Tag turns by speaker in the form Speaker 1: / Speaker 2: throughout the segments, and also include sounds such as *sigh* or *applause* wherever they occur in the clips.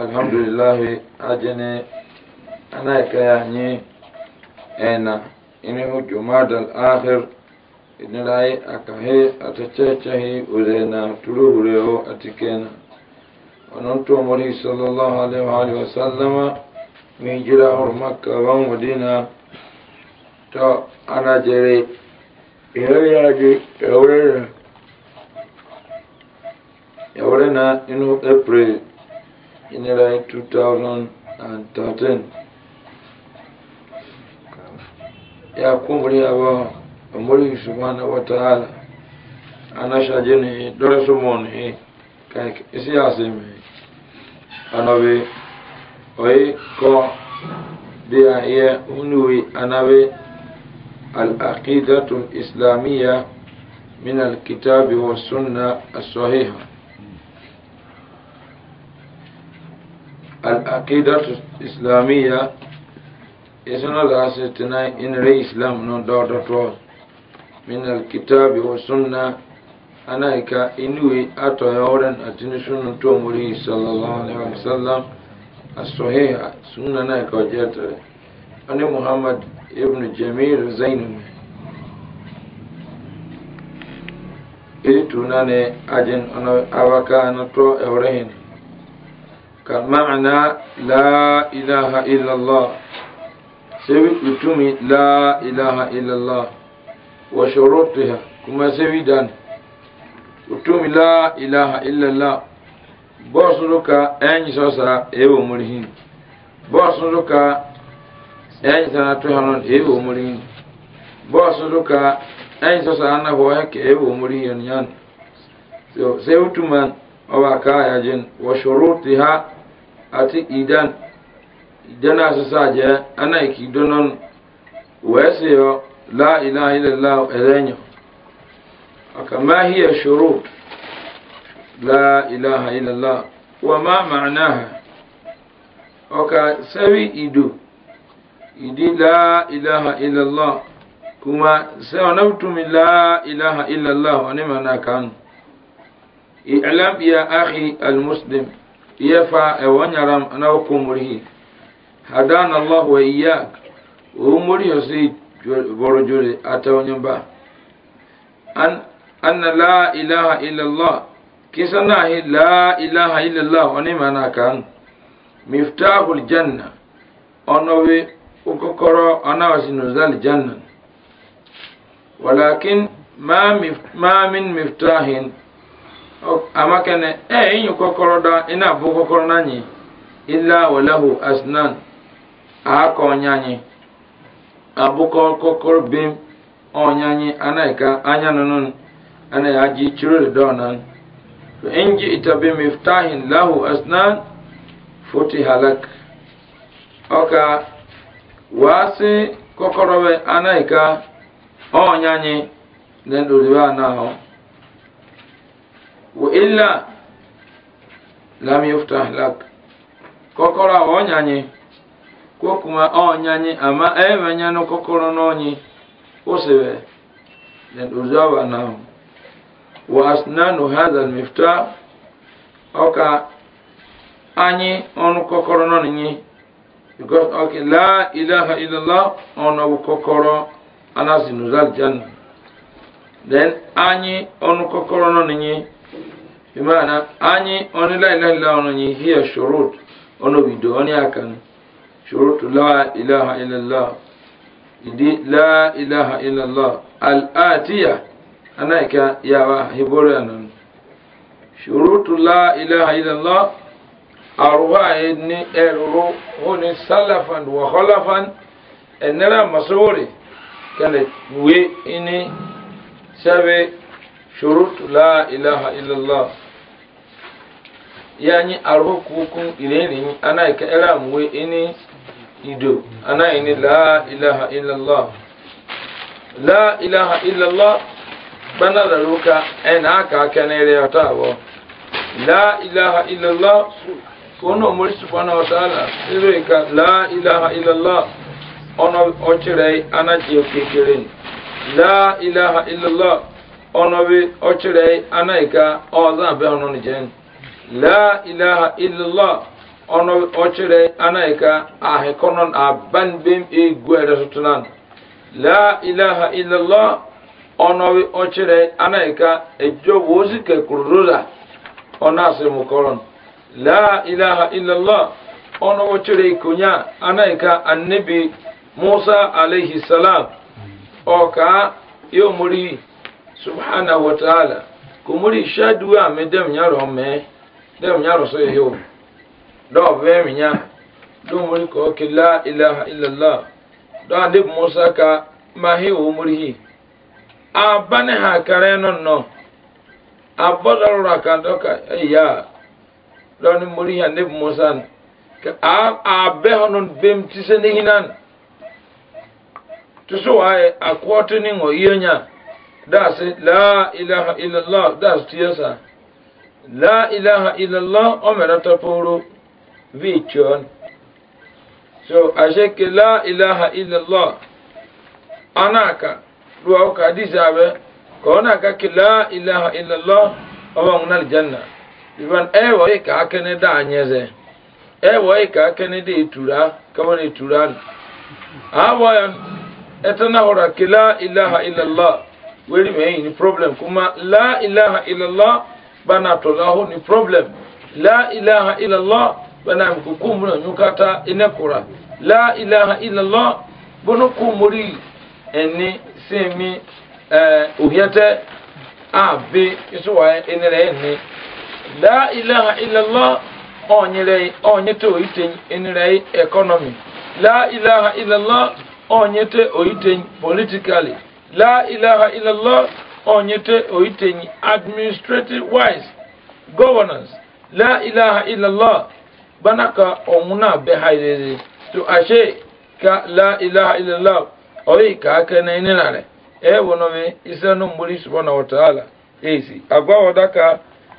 Speaker 1: alhamdulillah ajene anaka yani ena ini hujumad al akhir inilai akahe atachechehi uzena tuluhureho atikena anonto mori sallallahu alaihi wa alihi wasallam minjira ur makka wa madina to anajere
Speaker 2: ireyaji
Speaker 1: eure eure na inu april in July 2013. Ya kumbulia wa subhana wataala wa Ta'ala anasha jini dole sumoni ka isi asimi anobi oyi ko dia iye unuwi anabi al-aqidatu min alkitabi kitabi wa sunna العقيدة الإسلامية إسنا لاستنا إن ري إسلام ندور من الكتاب والسنة أنا إكا إنوي أتو يورن أتنسون تومري صلى الله عليه وسلم الصحيح سنة نايكا جاتري أنا محمد ابن جميل زينمي إلي توناني أجن أنا أبكى أنا تو أورين كمعنى لا إله إلا الله سوي أتومي لا إله إلا الله وشروطها كما سوي دان أتومي لا إله إلا الله بصرك أين سوسا إيو مرهين بوصلك أين سنتوهنون إيو مرهين بصرك أين سوسا أنا بوهك إيو مرهين يان سوي أتومي أو كايا جن وشروطها ati idan idan asusa je ana iki donon wesiyo la ilaha illallah edenyo akama hiya shurut la ilaha illallah wa ma ma'naha oka sawi idu idi la ilaha illallah kuma sai wani mutumin la ilaha illallah wani mana kanu i'lam ya akhi al-muslim yefa ewanyaram na okomurihi hadana allah wa iyyak umuri yosi borojule atawnyamba an anna la ilaha illa allah kisana hi la ilaha illa allah oni mana kan miftahul janna onowe ukokoro anawasinu zal janna walakin ma min miftahin amakene e inyu kokoro da ina bu kokoro nanyi illa walahu asnan aka onyanyi abuko kokoro bim onyanyi anaika anya nunun ana ya ji chiro da nan fa inji itabi miftahin lahu asnan futi halak oka wasi kokoro we anaika onyanyi den duriwa na ho وإلا لم يفتح لك kɔkɔrɔ a ɔnyanye ko kuma ama ɛmɛnyɛ no kɔkɔrɔ n'ɔnyi wosebɛ then ozaba now wa asinanu hadha mifta ɔka anyi ɔnu kɔkɔrɔ n'ɔnyi because ɔke la ilaha illallah ɔnu ɔbu anasi nuzal jan then anyi ɔnu kɔkɔrɔ n'ɔnyi. bimana anyi oni la ilaha illa ono nyi hiya shurut ono bido oni akan shurutu la ilaha illa allah idi la ilaha illa allah al atiya anaika ya wa hibore anan shurutu la ilaha illa allah arwa ni ero honi salafan wa khalafan enera masuri kale we ini sabe شروط لا إله إلا الله yanyi arho kukun ilenin ana ka era muwe ini ido ana ini la ilaha illallah la ilaha illallah bana da ruka ena aka kenere yata bo la ilaha illallah kono muri subhanahu wa ta'ala ire ka la ilaha illallah ono ochire ana je kekere la ilaha illallah ono bi ochire ana ka ozan be ono ni jen la ilaha illallah ono ochere anaika ahikonon aban bem e gwere sutunan la ilaha illallah ono ochere anaika ejo wozi ke kurura ona se mukoron la ilaha illallah ono ochere kunya anaika annabi musa alayhi salam oka yomuri subhanahu wa ta'ala kumuri shadu amedem nyaro me dɛ mu nya rɔsɔ yɛ yɛ o dɔw bɛ mu nya dɔw mori kɔ ke la ilaha illallah dɔw ade bu musa ka ma he o mori hi a ba ne ha kare no no a bɔ dɔrɔ ra kan dɔ ka ɛyi ya dɔw mori hi ade bu musa ni ka a a hɔ no bɛm ti se ne hinan tuso wa ye a ne ŋɔ iye nya daasi la ilaha illallah daasi tiɛ saa la ilaha illallah omera tapuru vichon so asheke la ilaha illallah anaka ruwa ka disabe ko anaka ki la ilaha illallah owa nal janna iban ewo ka akene da anyeze ewo ka akene de itura kama ne turan awo yan etana hora ki la ilaha illallah weri me ni problem kuma la ilaha illallah bana tolahu ni problem la ilaha illallah bana mkukumuna nyukata inekura la ilaha illallah bono kumuri eni semi uh, eh, uhyete abe isuwa enere eni la ilaha illallah onyere onyete oite enere economy la ilaha illallah onyete oite politically la ilaha illallah onyete oitenyi administrative wise governance la ilaha illallah bana ka ɔmuna bɛ hayrere to ashe ka la ilaha illallah oyi ka aka na ina na e rɛ ɛ wɔnɔ bɛ isa no mbori subhanahu wa ta'ala esi agba wɔda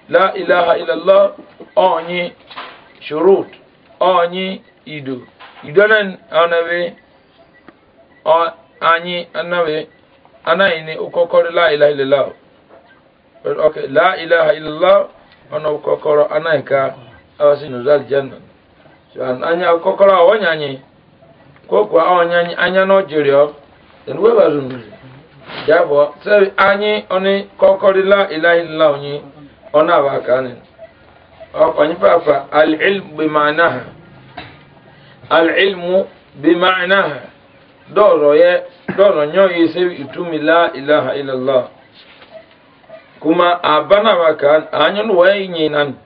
Speaker 1: la ilaha illallah ɔnyi shurut ɔnyi ido ido nan ɔna bɛ anyi ɔna ana ini ukokoro la ilaha illallah okay la ilaha illallah ana ukokoro ana ika awasi nuzal janna so an anya ukokoro awanya nyi ko kwa awanya nyi anya no jirio den we ba zun jabo se anyi oni kokori la ilaha illallah nyi ona ba kanin ọkọnyi papa al ilm bi ma'naha al ilmu bi ma'naha dɔɔrɔ yɛ dɔɔrɔ nyɔ yi se itumi la ilaha illallah kuma a bana ba kan a nyɔ no wɔyɛ nyi nan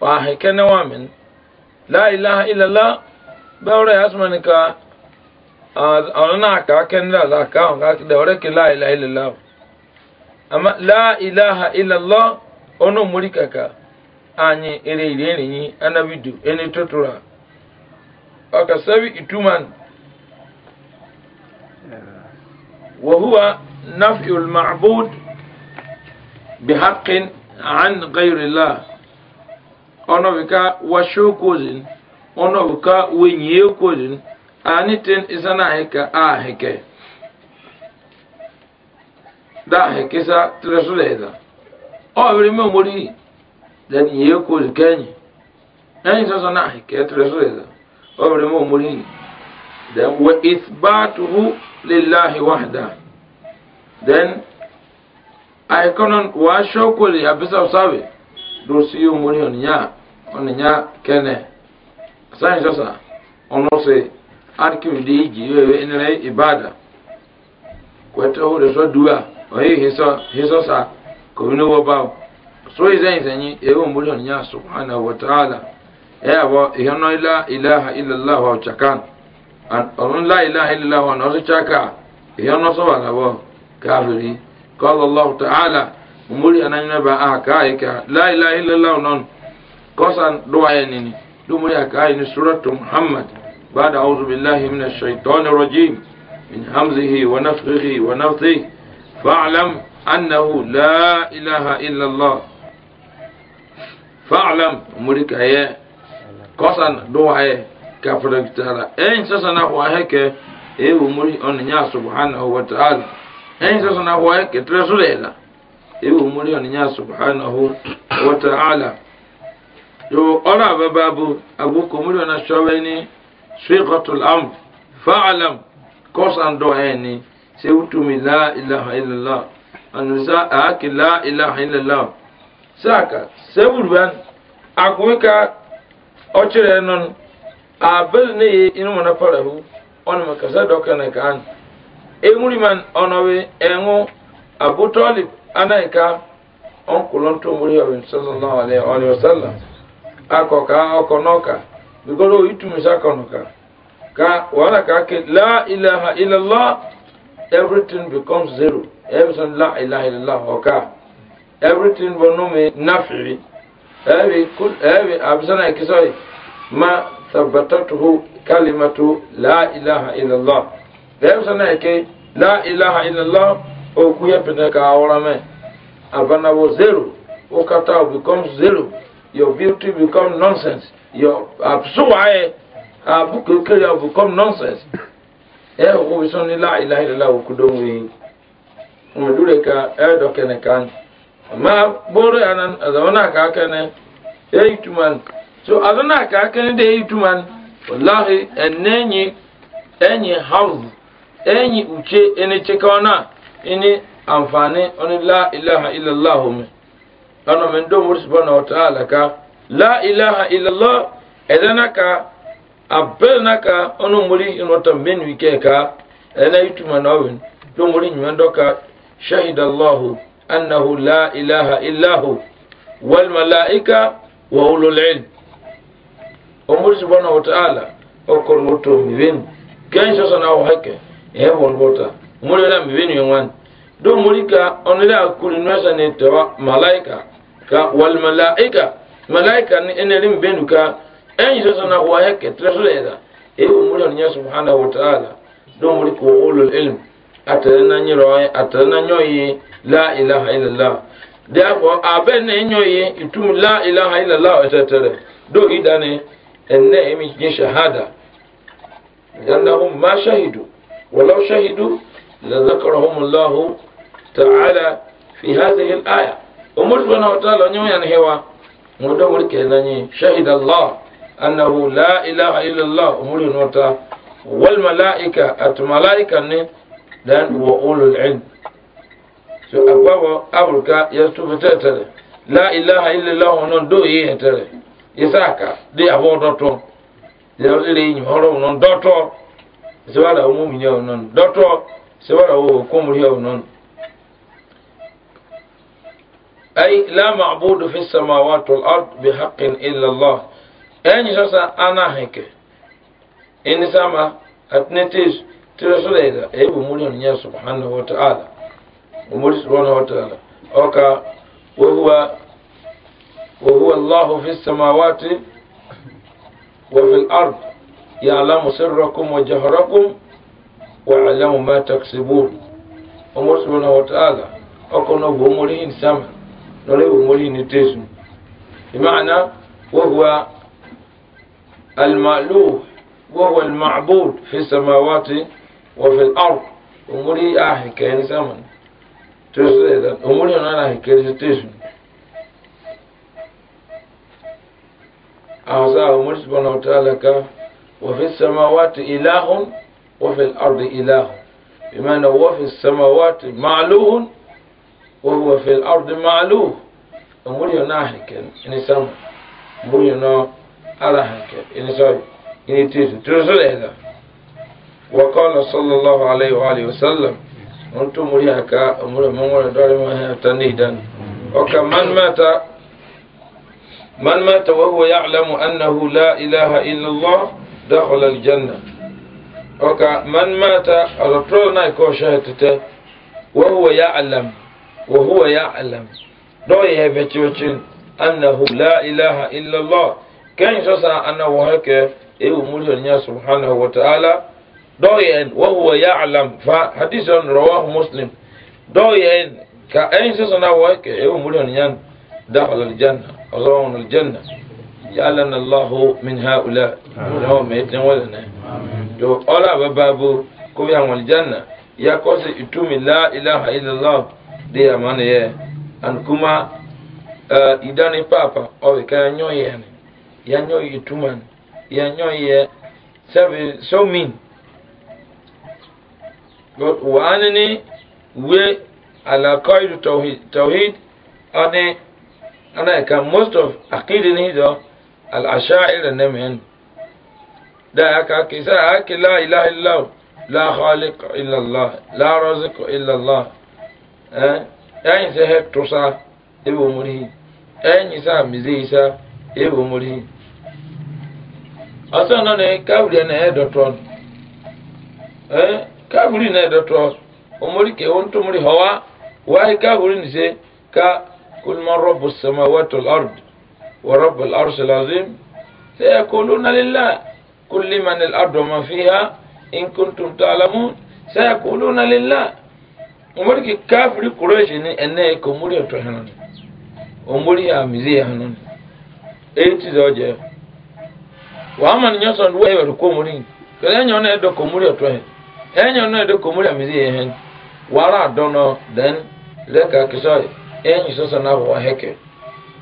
Speaker 1: wa a heke ne wa min la ilaha illallah bɛwɔrɔ yɛ asuma ni ka ɔno na ka kɛn da la ka ɔn ka da ɔrɛ ke la ilaha illallah amma la ilaha illallah ɔno muri kaka anyi ere ire ere yi anabi du ɛni tutura ɔka sabi ituman. وهو نفع المعبود بحق عن غير الله ono bika washo kozin ono bika wenye kozin anitin isana heka a da heke sa tresule eda o ime me mori da ni ye enyi na then wa ithbatuhu lillahi wahda then ay konon wa shokuli abisa sabe do si umuri onya onya kene sai sasa ono se arki de ji wewe inere ibada kweto ho so dua o hi hiso hiso sa ko ni wo ba so izen zenyi e umuri onya subhanahu wa ta'ala e abo ihono ilaha illa wa chakana أن لا إله إلا الله وأن أغشاك يا نصب على كافري قال الله تعالى مولي أن ينبع أكايك لا إله إلا الله وأن قصا دعيني دم يا كاين سورة محمد بعد أعوذ بالله من الشيطان الرجيم من همزه ونفخه ونفثه فاعلم أنه لا إله إلا الله فاعلم مولي كاين قصا دعيني kafara kitara en sasa na huwa heke e umuri on nya subhanahu wa ta'ala en sasa na huwa heke tresulela e umuri on nya subhanahu wa ta'ala yo ora bababu abu komuri na shawani shiqatul amr fa'lam kos ando eni se utumi la ilaha illallah anusa aki la ilaha illallah saka sebulban akweka ochere non abel ne ye inu mana farahu ona ma kasa doka na kan e muri man ona we engo abu talib ana ka on kulon to muri yo sallallahu alaihi wa sallam akoka okonoka bigoro itu misa konoka ka wala ka ke la ilaha illa allah everything becomes zero everything la ilaha illa allah oka everything bonume nafi evi kul evi absana kisoi ma ثبتته كلمة لا إله إلا الله دائما سنعك لا إله إلا الله أو كوية بنك أورامي أبنا وزيرو Okata becomes zero. Your beauty becomes nonsense. Your uh, uh, absuwaye abukukere become nonsense. Ẹ kò bí sọ́ni la ilaha illallah okudo ń wí. Mùdúrè ka ẹ dọ̀kẹ́nẹ̀ kan. Mà bọ́rọ̀ yàrá àzàwọn náà kà á kẹ́nẹ̀. Ẹ yìí túmọ̀ nù so adona ka kene de ituman wallahi enenyi enyi hawz enyi uche ene chekona ini amfani oni la ilaha illallah me ana men do mur subhanahu wa ta'ala ka la ilaha illallah edana ka abena ka ono muri inota menu ike ka ene ituman awin do muri nyando ka shahidallahu annahu la ilaha illahu wal malaika wa ulul ilm omuri subhanahu wa ta'ala okol woto mibin ken so sana o hake e wol bota muri na eh, mibin ywan do muri ka onila akuri nwasa ne to malaika ka wal malaika malaika ni enelim benuka en so sana o hake e eh, omuri onya subhanahu wa ta'ala do muri ko ulul ilm atana atana nyoyi la ilaha illallah abene nyoyi itum la ilaha illallah etetere do idane ene emi je shahada لأنهم ما شهدوا ولو شهدوا لذكرهم الله تعالى في هذه الآية أمور سبحانه وتعالى نيو نعم يعني هو مدمر كذاني يعني شهد الله أنه لا إله إلا الله أمور نوتا والملائكة الملائكة دان نعم وأولو العلم so أبوا أبوك يستفتت لا إله إلا الله ونون دو يهتره isaka nyi o la ma'budu fi samawati wal ard bi haqqin illa allah en ana en sama atnetis muri subhanahu wa ta'ala umuri subhanahu wa وهو الله في السماوات وفي الأرض يعلم سركم وجهركم ويعلم ما تكسبون أمر سبحانه وتعالى أكون بمرين سما نريد مرين نتزم بمعنى وهو المألوه وهو المعبود في السماوات وفي الأرض أموري أحكي سما تسلي أموري أنا أحكي آه، تسم أعزاه مرس سبحانه وتعالى وفي السماوات إله وفي الأرض إله بمعنى وفي السماوات معلوه وهو في الأرض معلوه أمري ناحك إن سام أمري نا على حك إن سوي إن تيس ترسل هذا وقال صلى الله عليه وآله وسلم أنتم مريحك أمور من ممر دار ما هي تنيدا وكمن مات من مات وهو يعلم أنه لا إله إلا الله دخل الجنة أوكا من مات رطولنا يكون شهدته وهو يعلم وهو يعلم دوي هبتوتين أنه لا إله إلا الله كان شخص أنه هكا إيو مولى سبحانه وتعالى دوي وهو يعلم فحديث رواه مسلم دوي كأين شخص أنه هكا إيو مولى دخل الجنة اللهم الجنة جعلنا الله من هؤلاء يوم يتنولنا جو أولا ببابو كوبي عن الجنة يا كوسي إتومي لا إله إلا الله دي أماني أن كما إداني بابا أو كي ينوي يعني ينوي إتومان ينوي so mean وأنني وي على قيد توحيد توحيد أني ana ka most of aqidi ni do al asha'ira ne men da aka ke sa ake la ilaha illa la khaliq illa allah la raziq illa allah eh ayin se he tusa ebo muri ayin isa mizi isa ebo muri asa na ne kabri na e dotron eh kabri na e dotron omori ke on to muri hawa wa kabri ni se ka قل من رب السماوات والأرض ورب العرش العظيم سيقولون لله كل من الأرض وما فيها إن كنتم تعلمون سيقولون لله umuriki kafiri kuroshi ni ene ko muri oto hanon umuri ya mizi ya hanon eti zoje wa man nyoso ndo e ko muri kele nyo na edo ko muri oto hen enyo na edo ko muri amizi hen wara dono then leka kisoy enyi soso na bo heke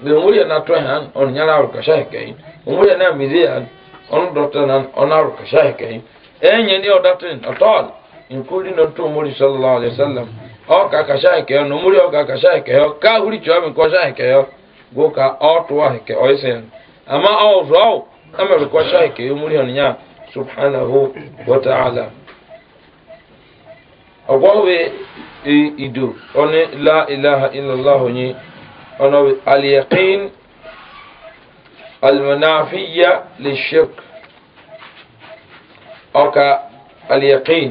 Speaker 1: de muri na to han on nyala ru ka shake muri na mizi han on doctor nan on ru ka shake enyi ni odatin at all including to muri sallallahu alaihi wasallam o ka ka shake no muri o ka ka shake o ka huri chwa mi ko shake go ka o to wa heke o isen ama o zo ama ko shake muri on nya subhanahu wa ọgwọwe ido ọne la ilaha illallah onye ọnọwe aliyakin almanafiya le shirk ọka aliyakin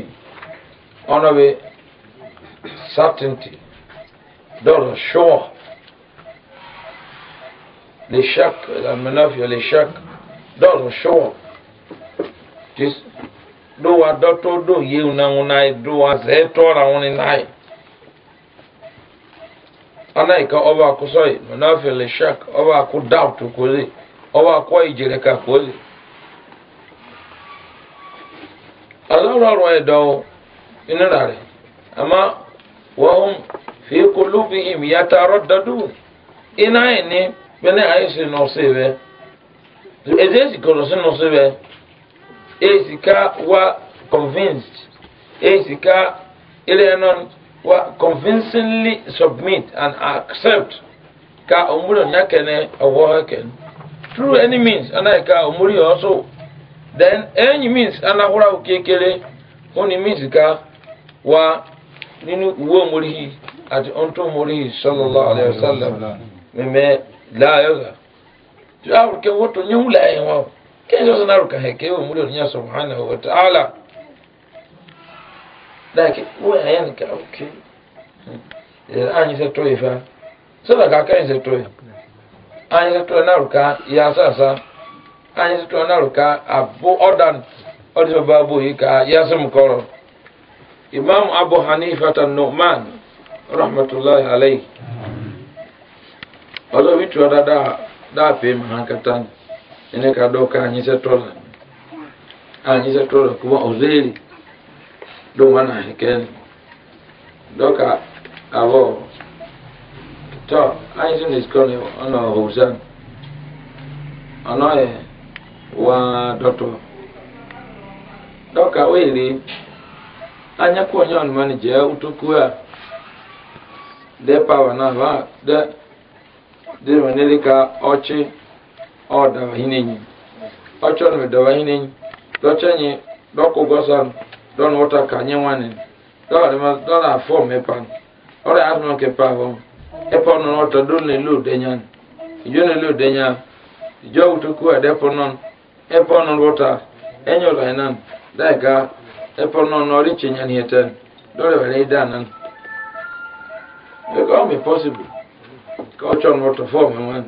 Speaker 1: ọnọwe certainty dọrọ sure le shak almanafiya le shak dọrọ sure do wa dɔtɔ do yewu na ŋu na yi do wa zɛ tɔ la ŋu ni na ana yi e ka ɔba ko sɔyi munafi le shak ɔba ko doubt ko le ɔba ko ìjìnlẹ ka ko le aláwòrán àwọn ẹ̀dọ́ inú rà rẹ̀ àmọ́ fi ni Ezika ka wa convinced Ezika ka ile wa convincingly submit and accept ka omuri onya kene owo through any means ana ka omuri also then any means ana hura okekere oni means ka wa ninu uwe omuri ati onto omuri sallallahu alaihi wasallam meme la yoga tu awur ke woto nyula en wa kenyo zana ruka heke yo mulo nya subhanahu wa ta'ala dake we ayan ka oke. ya anyi se toifa so da ka kan se toifa anyi se toifa na ruka ya sasa anyi se toifa na ruka abu ordan odiso babu ka ya sum koro imam abu hanifa tan nu'man rahmatullahi alayhi Ọlọ́run tí wọ́n dá da pé màá kẹta ni. ene ka dɔ ka anyi sɛ tɔla anyi sɛ tɔla kuma ozeli do ma na hekɛni dɔ ka awɔ tɔ anyi sɛ ne sikɔni ɔnɔ hosan ɔnɔ yɛ waa dɔtɔ dɔ ka oyeli anya kɔ nyɛ ɔnuma ni jɛ utoku a dɛ pawa na va dɛ dɛ wɛnɛ de ka ɔtsi. ọdọ hinenyi ọchọ na dọwa hinenyi dọchenyi dọkụ gọsọn dọna ụta ka nye nwanne dọla afọ mepan ọrịa asụmọ kepa ahụ epa ọnụ n'ọta dọ na n'elu udenya ijo na elu ijo utuku adepọ nọn epa ụlọ nan nọ n'ọrị n'ihete were ọ ka fọm nwanne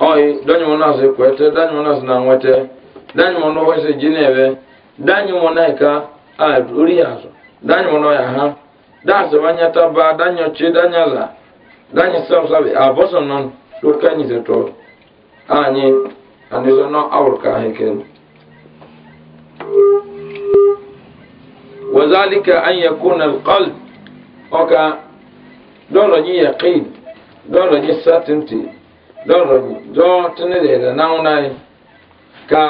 Speaker 1: oyi danyimonas kwete danyimonas na nwete danyimon wese jinebe danyimonaka orihazụ danyimon ya ha dasibanyataba na danyaza danyisabsabi abosonon lutkanyizeto anyị anisono awurka heken وذلك أن يكون القلب أوكا دور يقين دور certainty dɔrɔ dɔɔ tene de yɛlɛ n'anw na ye ka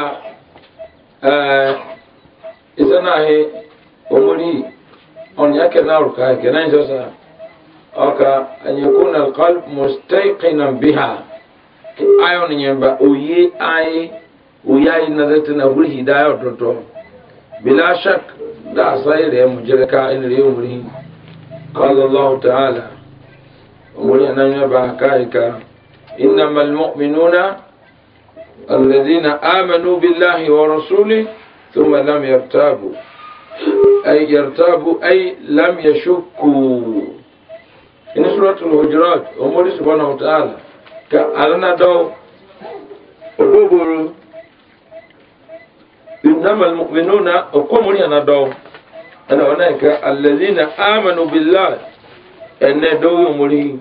Speaker 1: ɛɛ e, isa na ye omori ɔn ya kɛ n'aru ka kɛ n'an jɔ sa ɔka anyakun na kal mustaqina biha ke ayɔ ni nyɛ ba oye aye oye aye na zɛ tena wuli hidaya tɔtɔ bila shak da asa yi da ya mujere ka ina da ya wuri allah ta'ala omori anan ya ba ka ka إنما المؤمنون الذين آمنوا بالله ورسوله ثم لم يرتابوا أي يرتابوا أي لم يشكوا إن سورة الهجرات أمور سبحانه وتعالى كألنا دو أدوبر إنما المؤمنون أقوموا لنا دو أنا هناك الذين آمنوا بالله أن دو يمرين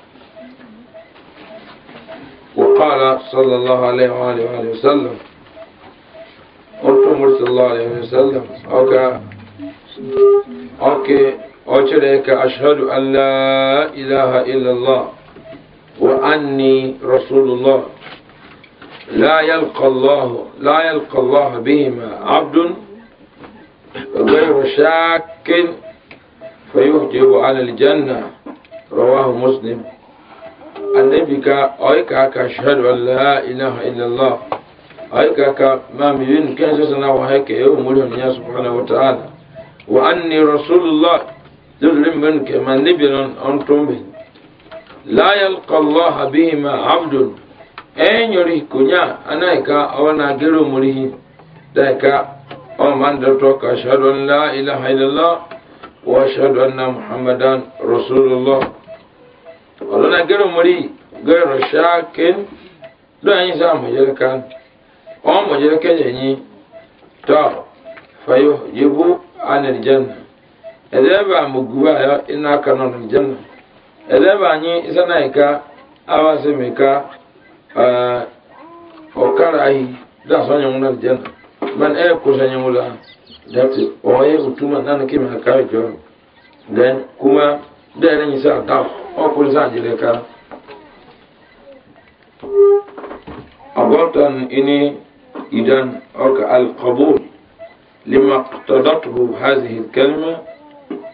Speaker 1: وقال صلى الله عليه وآله وآله وسلم عمر صلى الله عليه وسلم أوكا أوكي أوكي أشهد أن لا إله إلا الله وأني رسول الله لا يلقى الله لا يلقى الله بهما عبد غير شاك فيهجب على الجنة رواه مسلم annabi ka oyi ka ka shahadu allah ilaha illallah oyi ka ka ma mi yin kan so sana wa hake yau mulhun ya subhanahu wa ta'ala wa anni rasulullah dole min ke man nabi non on tombe la yalqa allah bihi ma abdun en yori kunya anai ka ona gero murihi dai ka on man da to ka shahadu la ilaha illallah wa ashhadu muhammadan rasulullah ọlọ́nà gẹ́rọ mọ́rí gẹ́rọ ṣáàkín ló ẹ̀yìn sọ àmọ̀jẹ́ríkà wọ́n mọ̀jẹ́ríkà yẹ̀yìn tọ́ fayọ yẹbu anìrìjẹ́n ẹ̀dẹ́bà mọ̀gùbà yọ iná kanọ̀ nìjẹ́n ẹ̀dẹ́bà yín isanáyìíká awásẹ̀mìíká ọ̀kára yìí dáṣọ́nyẹ̀wò náà nìjẹ́n man ẹ̀ kọ́ṣẹ́nyẹ̀wò la dẹ́pẹ̀ ọ̀ọ́yẹ́ òtúmọ̀ náà kí mi àkàwé jọ dẹ́rẹ́ yìí sá dáf ọkùnrin sá jìlẹ̀ ká. ọgọ́tàn ini idan ọkà alkabul lima tọdọ́tù hazihi kẹlima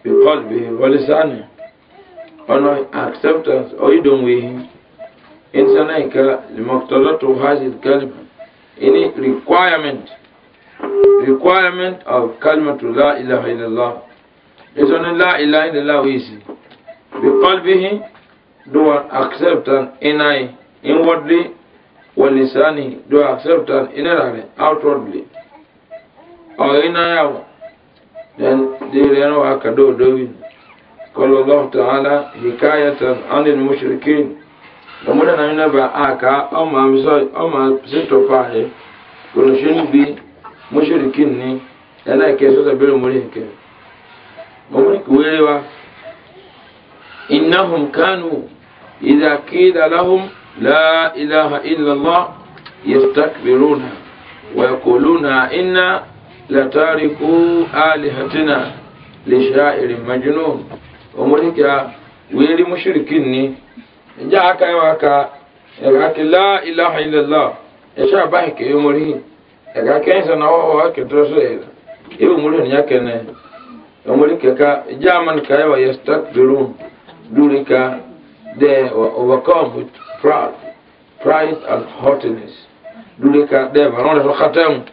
Speaker 1: bikọ́lbi wọlísánì ọ̀nà acceptance ọ̀yídọ̀nwéhi insanaika lima tọdọ́tù hazihi kẹlima ini requirement requirement of kalimatu la ilaha illallah. Isoni la ilaha illallah wíìsì. بقلبه دو acceptance إناي inwardly ولسانه دو acceptance إنراري outwardly أو إناي أو then دير ينو أكدو دوين قال الله تعالى حكاية عن المشركين لمنا نمنا بأكا أو ما مسوي أو ما سيتو فاهي كنشن بي مشركين ني أنا كيسو تبيرو مريكي ممريك ويريوا إنهم كانوا إذا قيل لهم لا إله إلا الله يستكبرون ويقولون إنا لتاركوا آلهتنا لشاعر مجنون ومريكا ويري مشركين يا كايوكا يقول لا إله إلا الله يشاء بحك يمريه يقول كيسا نواه وكترسل يقول مريكا يمريكا جاء من كايوا يستكبرون Durika, they were overcome with pride, pride and haughtiness. Durika, they were not khatam.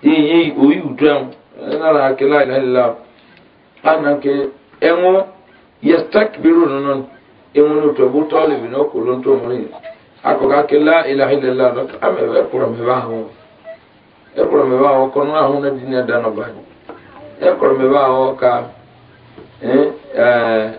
Speaker 1: Ye ye uyu dram. Na la kila ila illa. Anake enwo yastakbiruna non. of no to bu tole bi no ko lon to mari. Ako ka kila ila illa no ame be kura me ba ho. E kura me ba ho ko na ho na dinya dano ba. E kura me ba ho ka eh eh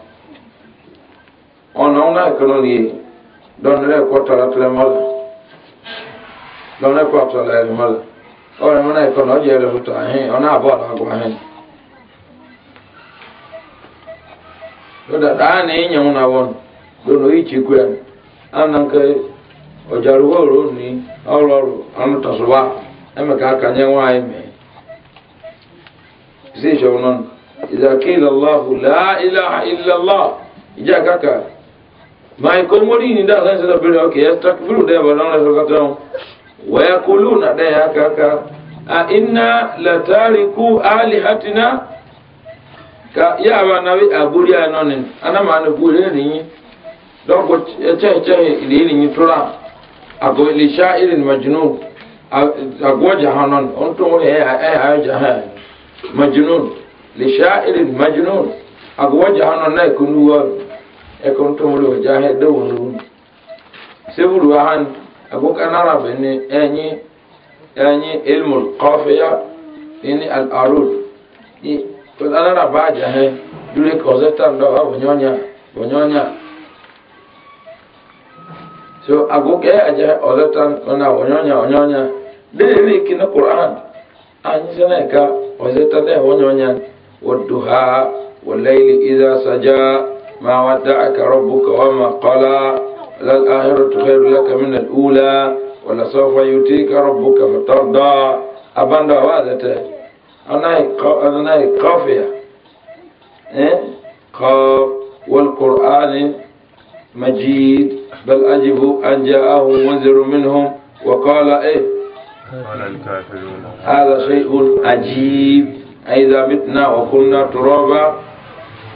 Speaker 1: ọ̀nà ọ̀nà ìkànnà ni dọ́nà ẹ̀kọ́ tọ̀lá tẹ̀lẹ̀ mọ́lá dọ́nà ẹ̀kọ́ tọ̀lá ẹ̀rẹ̀ mọ́lá ọ̀rẹ́ mọ́nà ìkànnà ọ̀jẹ̀ ẹ̀rẹ̀ mọ́tò ahìn na àbọ̀ àgọ́ ahìn. lọ́dà dáa ní an na àwọn dọ́nà oyin ti kú ẹ̀ ànànkẹ́ ọ̀jàrúwọ̀ òrò ní ọ̀rọ̀ ọ̀rọ̀ àwọn mai ko mori ni da san sada bere okay yastakbiru da ba nan da ka waya wa yaquluna da ya a inna la tariku alihatina ka ya ba na bi aguri anonin ana ma ne ku re ni don ko ce ce ile ni tura ago li sha'irin majnun ago jahanon on to ne ai ai jahan majnun li sha'irin majnun jahanon na kunu ekun tumuri ojahe dewuru siburu ahan abokan arabe ni enyi enyi ilmul qafiya ini al arud ni anara ba jahe dure koze tanda wa bonyonya bonyonya so agoke aje ozetan ona bonyonya bonyonya dele kina qur'an anyi sana ka ozetan de bonyonya wadduha والليل إذا سجى ما ودعك ربك وما قلى للآخرة خير لك من الأولى ولسوف يؤتيك ربك فترضى أبان وادته أنا أنا قافية إيه؟ قاف والقرآن مجيد بل أجبوا أن جاءهم منذر منهم وقال إيه هذا شيء عجيب إذا متنا وكنا ترابا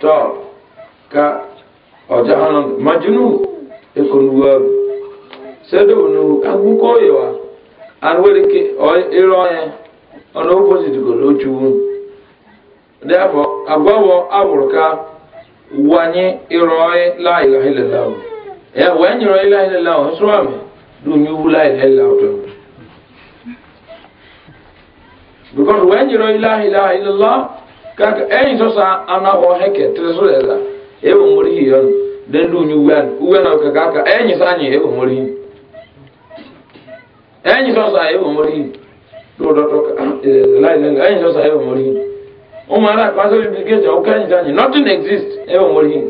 Speaker 1: tɔ ka ɔdza hɔn majunu ekonuwa sɛdo nu agu yiwa wa anuwere ke ɔ irɔ yɛ ɔna opposite ko lotsuwu therefore agbawo awuruka wanye irɔ yɛ la ilahilala e e, e o ɛ wɛn ịla ilahilala o sɔrɔ na onye nyuwu la ilahilala o tɔ because wɛn nyirɔ ilahilala. kaka ɛyin sɔsɔ anabɔ hɛkɛ tiriso yɛ la ewu mori yi yɔn dendu nyu wɛn na kaka aka ɛyin sanyi ewu mori yi ɛyin sɔsɔ ewu mori yi do dɔtɔ ɛɛ eh, eh, lai lai ɛyin ewu mori yi o nothing exist ewu mori yi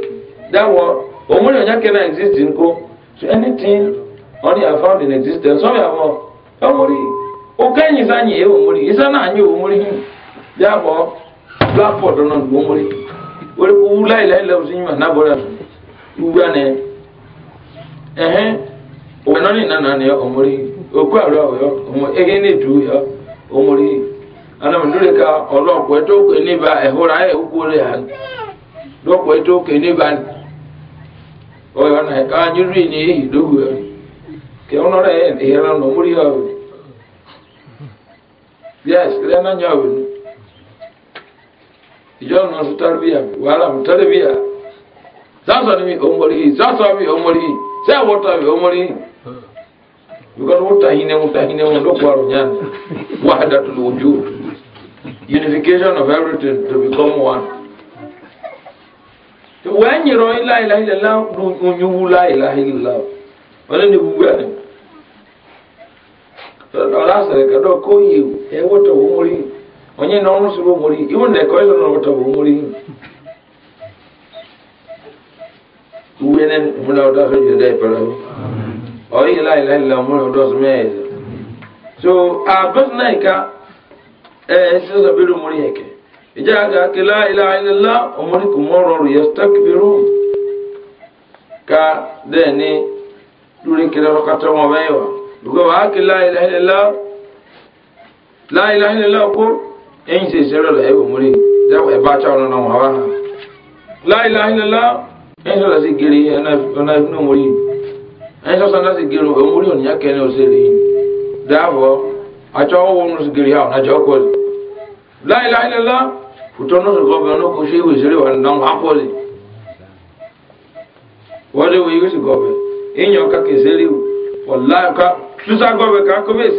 Speaker 1: dawɔ kɛnɛ exist nko so anything only i found in existence sɔmi awɔ o kɛyin sanyi ewu mori yi isa naa anyi ewu mori yi platform dɔ nɔn gbomori wele ko wula yi la yi la o n'a bɔra wula nɛ ɛhɛn o bɛ nɔni nana nɛ ɔmori o ọmụrụ awura o yɔ ɔmɔ ne du yɔ ka ɔlɔ kɔɛtɔ kɛ ne ba ɛhora ayɛ oko le ha lɔ kɔɛtɔ kɛ ne ba nɛ k'a yɔ kɛ nɔ yɔ na ìjọba náà tó tarbíyà mi wàhálà mi tarbíyà sásọ ni mi ò mọ̀rí yìí sásọ mi ò mọ̀rí yìí sẹ́ wọ́tọ̀ mi ò mọ̀rí yìí because wọ́tà yìí ni wọ́tà yìí ni wọ́n lọ́kọ̀ àrùn yàn wàhálà tó lójú unification of everything to become one. wẹ́n nyerọ iláìláìlá lóyúnwú láìláìlá wọ́n ní wúwú ẹ̀ ọ̀là sẹ̀rẹ̀ kẹ́dọ̀ kó yìí ẹ̀ wọ́tọ̀ wọ́n mọ̀rí yìí onye na ọrụ soro omori iwu na ekọ ịzụ n'ọrụ tọbụ omori uwe na mụna ọdọ afọ ejide dị pere ọ la ila ila mụna ọdọ ọsọ mee eze so abụzụ na ịka ee si ụzọ biri omori eke ije aga akela ila ila omori kuma ọrụ ọrụ ya stak biro ka deni lórí kiri ọkọtọ wọn bẹyẹ wa bùkọ wa akela ila ila la ila ila ko. ẹ̀yìn sì ṣẹlẹ̀ lọ ẹ̀wọ̀ múrí dáwọ̀ ẹ̀bá àtsá ọ̀nà náà wà wá náà. láìláìlélá ẹ̀yìn sọ̀rọ̀ sí gèrè ọ̀nà ìfúnná múrí ẹ̀yìn sọ̀rọ̀ sọ̀rọ̀ sí gèrè ọ̀múrí ònìyà kẹ́ni òṣèlè dáàbọ̀ àtsá ọ̀wọ̀ ọ̀nà sí gèrè àwọn àjọ ọkọ̀ láìláìlélá fùtọ́ náà sọ̀rọ̀ kò ṣe ìwé ìṣeré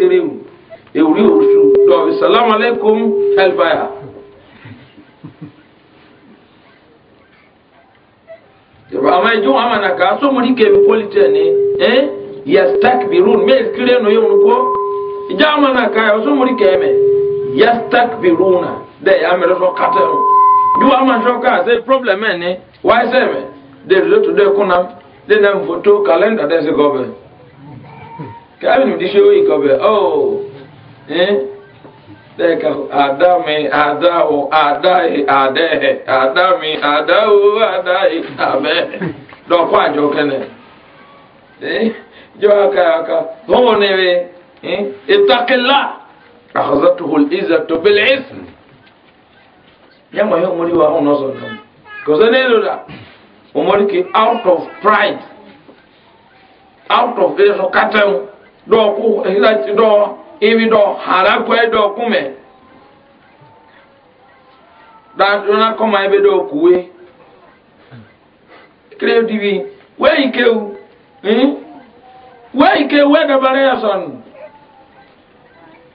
Speaker 1: wà ewuri osu dɔbi salamu alaykum hellfire. tẹ̀wé àwọn ẹjọ́ wọn àmàna kà kẹ́mi pólítẹ̀ ni yastak birun mẹ́ẹ̀ kílẹ̀ nù yóò kó ìjà àmàna kà á kẹ́mi yastak birun na dẹ̀ yà mẹ́rẹ́ sọ kàtẹ́ nù yóò àmàna sọ ṣe problem ẹ̀ ni wáyé sẹ́mi dẹ̀ lótú dẹ̀ kúnna dẹ̀ nà mú fọ́tò kàlẹ́ndà dẹ̀ sí gọ́bẹ̀ kẹ́mi nìdí ṣe ó yí ọ́ọ́ dẹ́ka eh? Adami àdáwò àdáyé àdẹ́hẹ̀ Adami àdáwò àdáyé àbẹ́ dọ́kọ́ àjọ kẹ́nẹ̀ eh? jọ akayaka hóhùn níbi ìtakìlá àkọsọ́tò ìzà tó bẹ̀lẹ̀ ẹ̀sìn yàmọ̀ yóò mú wa ọ̀hún ọ̀sọ̀ nù kòsó nílò la òmòdì kì out of pride out of ẹ̀sọ̀ kátẹ́wò dọ́ọ̀kú ẹ̀sìn dọ́ọ̀. ibi dɔ hara kɔɛ dɔ kumɛ dadona kɔma ibi dɔ kuwe kire dibi wɛyi kewu hin wɛyi kewu wɛ dabare ya sɔn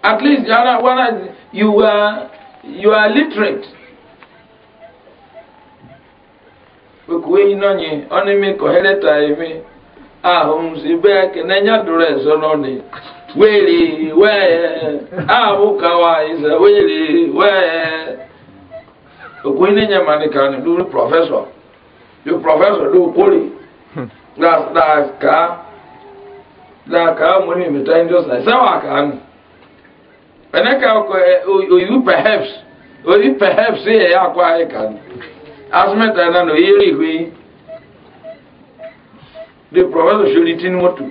Speaker 1: at least yara wara you are you are literate okuwe yi nɔnyi ɔni mi kɔhɛrɛ ta yi mi ahom si bɛ kene nya do rɛ sɔ nɔni. wéèrè wẹ́ẹ̀ àwòká wa ìṣe wéèrè wẹ́ẹ̀ ògùn ní nyẹ̀ màní kan ní lórí pọfẹ́sọ̀ yóò pọfẹ́sọ̀ ló kórè dàkà dàkà múlẹ̀ mẹ́ta ẹ̀ńdọ́ sàn sẹ́wọ̀n àkàn ẹ̀nẹ́ka ọkọ̀ òyìnbó perhaps òyìnbó perhaps yẹ̀ yà kọ́ ayé kan asọ́mẹ́ta náà ní oyè rí ìwé the professor ṣe ní tinubu too.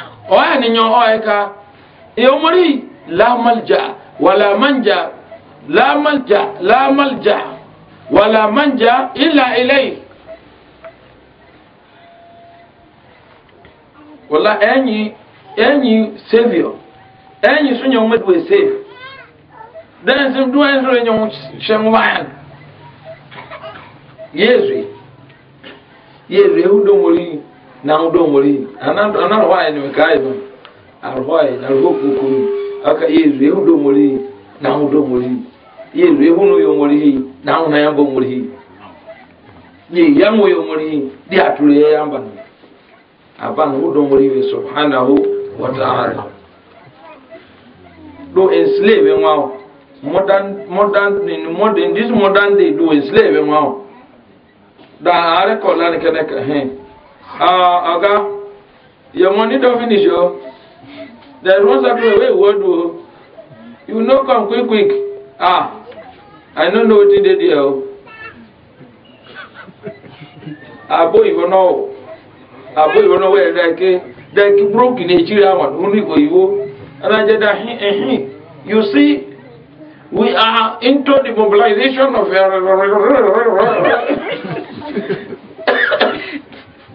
Speaker 1: ɔyɛ ne nyɔ ɔyɛ ka eomori laamalja wala manja laamalja laamalja wala manja ila ilayi wala ɛnyi ɛnyi saviour ɛnyi so nyɛ wɔn mɛdi wɔ save dɛn nsɛm do ɛnyi so nyɛ wɔn hyɛ wɔn wayan yezu yezu ehu do wɔn na do mori anan anyị hwaye ni kai ba ar hwaye aka yezu yehu do mori nangu do mori yezu yehu no yo mori nangu na yambo mori ye yango yo mori ya yamba no aban hu do mori we subhanahu wata ta'ala do enslave wao modern modern in modern this modern day do enslave wao da are Uh, Oga, your money don't finish, yo. Oh. There runs out the way word, yo. You know, come quick, quick. Ah, I don't know what oh. you did, yo. Abo even know. Abo even know where they came. They eh, keep broken Nigeria one, only for you. And I said, you see, we are into the mobilization of your. *laughs*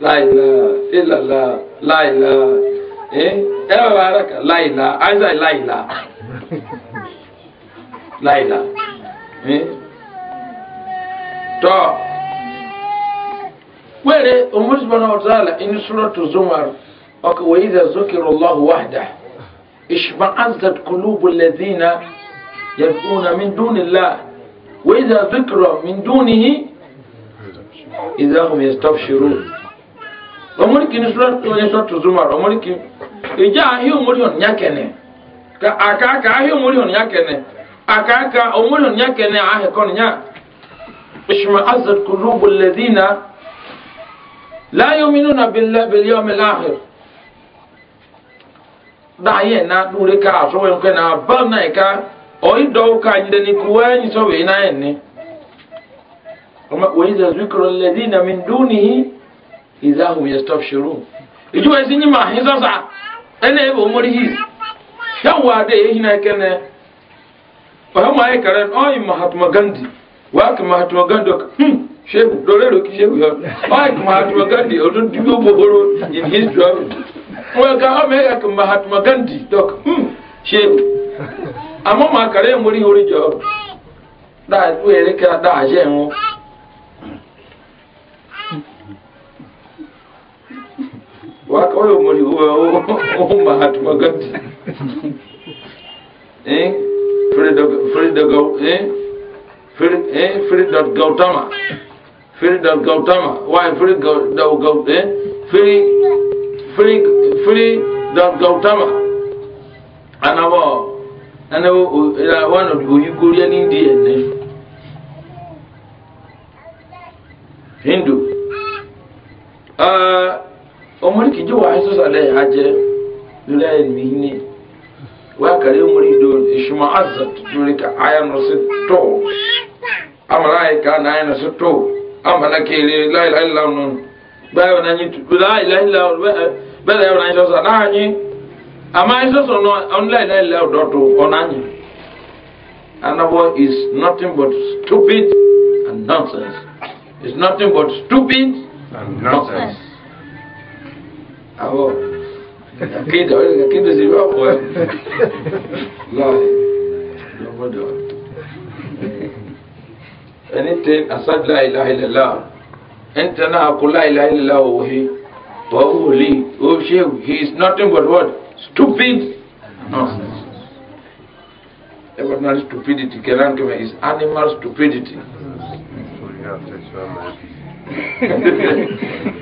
Speaker 1: لا إله إلا الله لا إله إيه إيه مبارك لا إله عايز لا إله لا إله إيه تو وين أم سبحان وتعالى إن سورة الزمر وإذا ذكر الله وحده اشمعزت قلوب الذين يدعون من دون الله وإذا ذكر من دونه إذا هم يستبشرون omuriki ni suratu zumar omuriki ija ahi omuri on nyakene ka aka aka ahi omuri on nyakene aka aka on nyakene ahi kon nya ishma azat la yu'minuna billahi bil akhir da ye na dure ka so ko na ba na e ka ka nyde ni kuwa ni so we na e idha hum yastabshirun ijuwa isi nyima hinza sa ene ebe omori hi yawa de ehi na kene ohe mu ayi karen oyi mahatma gandhi wa ki mahatma gandhi hmm shehu lore ro ki shehu yo oyi ki mahatma gandhi o tun dibi obogoro in his of it wa ka o me ki mahatma gandhi dok hmm shehu amma ma kare muri hori jo da ku ere ka da aje mu kwako oyo muli omahatuma gati firidot gautama firidot gautama wai firidot gautama anabo anabo wano oyigolya nindi yenne hindu uh, omuli kijuwa aisosale haje dulaye mihine wakare omuli do ishuma azat tulika aya nose to amala ika na aya nose to amala kele la ilaha illa nun bayo na nyitu la ilaha illa bela yo na isosa na anyi ama isosa no on la ilaha illa do to onanyi anabo is nothing but stupid and nonsense it's nothing but stupid and nonsense Hago caquito, ¿eh? Caquito si va, pues. No, no puedo. ان انت اسد لا اله الا الله انت انا اقول لا اله الا الله he is nothing but what stupid nonsense ever not stupidity kelan is animal stupidity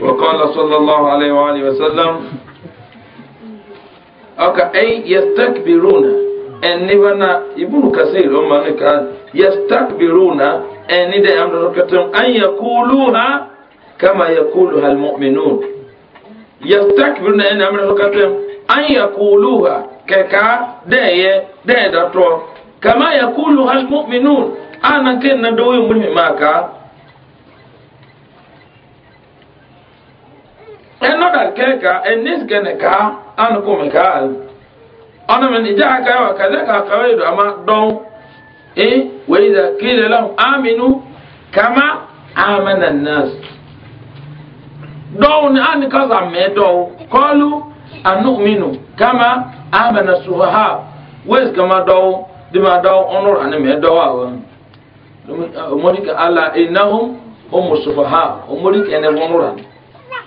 Speaker 1: وقال صلى الله عليه وآله وسلم أوكا أي يستكبرون أنبنا ابن كثير أما يستكبرون أن إذا أمرتهم أن يقولوها كما يقولها المؤمنون يستكبرون أن أمرتهم أن يقولوها ككا دي دي داتو كما يقولها المؤمنون أنا كنا دوي مهمة enoda keka enis gene ka anu kumi ka ono min ija ka wa kadaka qawaidu ama don e wa idha qila lahum aminu kama amana an-nas don an kaza me do qalu anu'minu kama amana sufaha wes kama do dima do onor an me do wa umurika ala innahum hum sufaha umurika ene onor an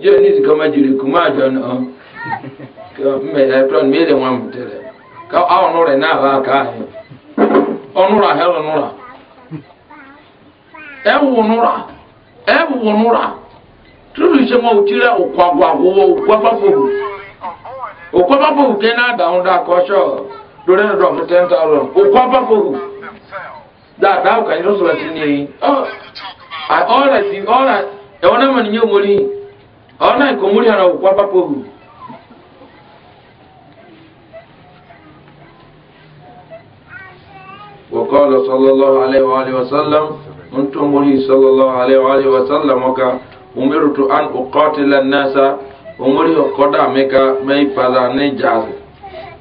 Speaker 1: jeni kama jiri kuma jon o me electron me le wan tele ka a onore e na ba ka he onura he onura e wu onura e wu onura turu je mo utira okwagwa wo bo bo da bo ka ti ɛwɔna ma ni nye omori ɔna nka omori ara wɔ papa pohu وقال صلى الله عليه وآله وسلم أنت أمري صلى الله عليه وآله وسلم وكا أمرت أن أقاتل الناس أمري قدا مكا مي فلا نجاز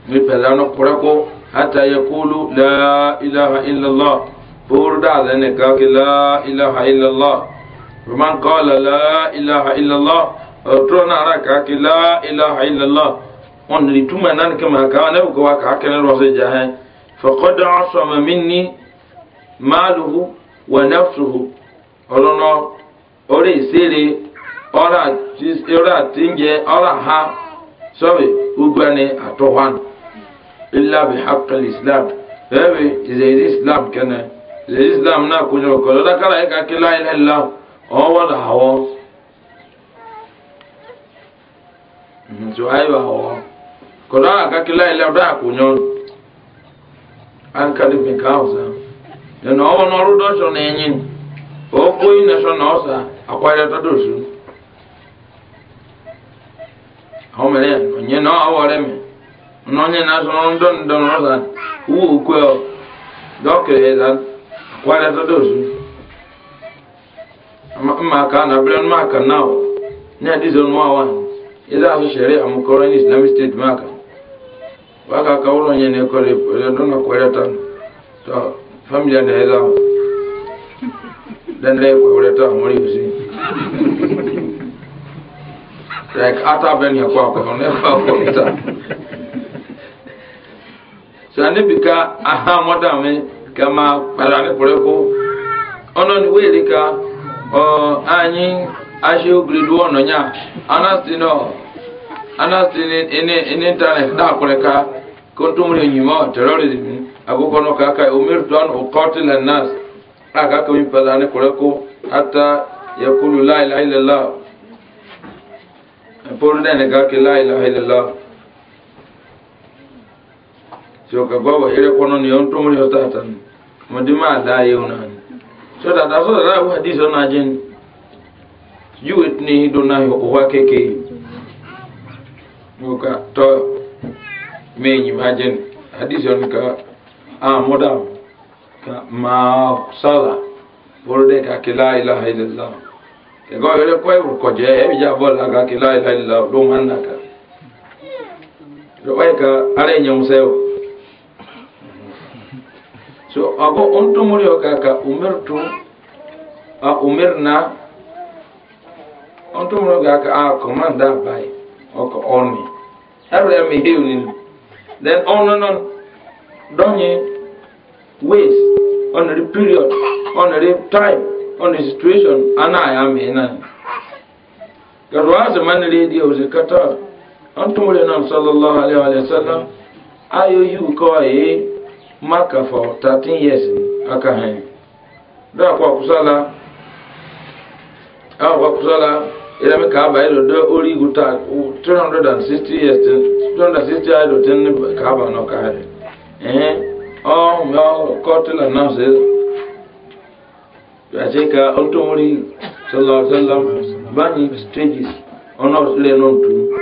Speaker 1: مي فلا نقرقو حتى يقولوا لا إله إلا الله بوردا ذنكاك لا إله إلا الله ومن قال لا إله إلا الله أترون أراك لا إله إلا الله أن لتما نانك ما كان وكواك حكنا الوصي جاهي فقد عصم مني ماله ونفسه أولونا أولي سيري أولا أولا تنجي أولا ها سوي أغاني أتوهان إلا بحق الإسلام هذا إذا الإسلام كان الإسلام ناكو جوكو لذا كلا إكاك لا إلا الله ọwọ́ mhm, na àwọ̀ nti ayé wa àwọ̀ a àkàkílá ilẹ̀ ọ̀dọ̀ ọzọ ankali pink house nínú ọwọ́ náà ọrú dọ́sọ̀ náà ẹ̀yìn ọkọ̀ yìí nẹ̀sọ̀ náà ọ̀sà àkwáyé tọ́dọ̀ sùn àwọn mẹ̀rẹ̀ ọ̀nyẹ́ náà àwọ̀ rẹ̀ mi ya mma aka na bere mma now na o na dị zon mwa wan ịza asụ shere islamic state maka waka ka ụlọ nye na-ekọrọ ekpere dọna kwereta to famili na ịza dan rai kwereta mori usi like ata ben ya kwa kwa ne kwa kwa ta so ane bika aha moda me kama para ne pore ko ono ni we ka anyị ahịa ogiridu ọnọ ya anasị n'ịntanet na-akwụrụ ka kontumri enyima terorizm agụkọ n'ụka aka omertu anụ ụkọtịla nas aka ka onye mpala anyị kwụrụ kwụ ata yakulu laila ilala poro nene gake laila ilala sio kagwa wa ile kono ni ontumri otatan madima da yeunani so that that's what I want this on agent you with me do na wa keke nuka to me imagine addition ka a modam ka ma sala borde ka ke la ilaha illallah ke go yele ko e ko je e ja bol ka ke la ilaha illallah do man na ka do ka are nyamusayo so ogo ontumuri okaka umirtu a umirna ontumuri okaka a komanda by oko oni ya then ononon donye ways on the period on the time on the situation ana ya mena garwa zaman radio zakata ontumuri nan sallallahu alaihi wa sallam ayoyu ko maka for 13 years aka ha da kusala awa kwa kusala ila mi kaaba ilo do ori guta years sixty years ten kaaba no ka eh oh no kotela na se otu je ka sallallahu alaihi wasallam bani stages ono le non tu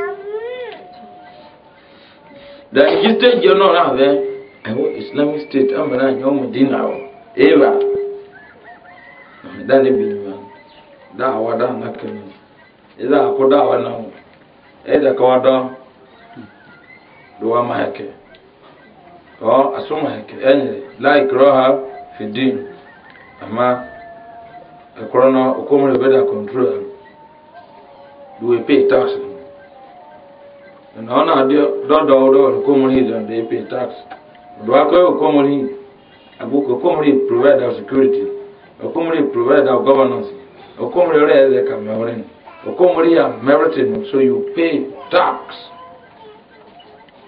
Speaker 1: da ji stage no na be ɛwɔ islamic state amana anyɛ ɔmo di na wɔ ewa da ne da awa da na kɛnɛ ɛda akɔ da awa na wɔ ɛda kɔ dɔ do wa ma hɛkɛ ɔ asoma ɛnyɛ fidin ama ɛkɔrɔ bɛ da control do we pay tax ɛna ɔna adi dɔdɔ dɔ okomre yi dɔn de pay tax. duwako ye okomori abuko okomori provide our security okomori provide our governance okomori ore eze ka meorin okomori ya meriting so you pay tax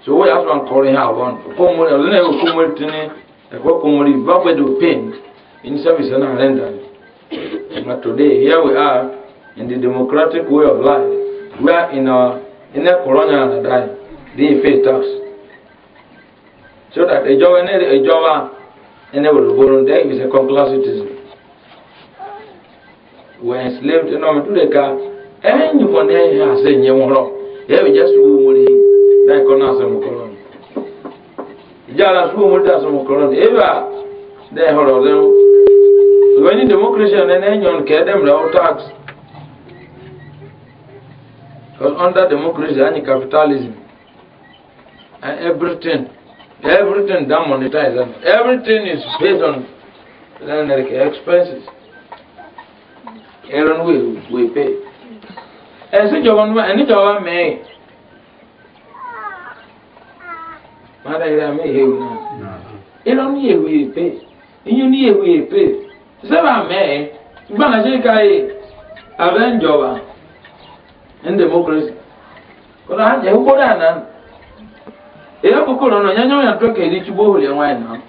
Speaker 1: so wo yaso ankɔre ha wɔn okomori ɔlɛ na ye okomori tini ɛkɔ okomori vabwe do pain in service na renda but today here we are in the democratic way of life we are in our in a corona and die they pay tax. so that ìjọba ẹni ìjọba ẹni olùborí ndé is a conclass citizen were enslaved ẹni ọmọ tó lè ka ẹni wọn ní ẹyẹ àṣẹ ìyẹn wọn rọ yẹ bi jẹ wọn ni dáì kọ́ náà sọmọ kọ́rọ́ ni ìjà ara sùkúrú wọn dà sọmọ kọ́rọ́ ni ebi a dẹ́ ẹ̀họ́rọ̀ lẹ́nu ìwé ní ẹni tax because under democracy any capitalism and everything. Everything done monetized. And everything is based on then like expenses. Aaron will we pay. Ẹsẹ̀ ìjọba ní ẹni ìjọba mẹ́ẹ̀. Mada yìí àmì ìhèwù náà. Ìlọ ní ìhèwù èpè. Ìyún ní ìhèwù èpè. Sẹ́wà mẹ́ẹ̀. Gbọ́dọ̀ ṣe ká yìí. Àbẹ́ ìjọba. Ní democracy. Kọ́dọ̀ àjẹ́ kúkúrú àná. e kokoro no nyanya ya toke ri chubo hole nwa na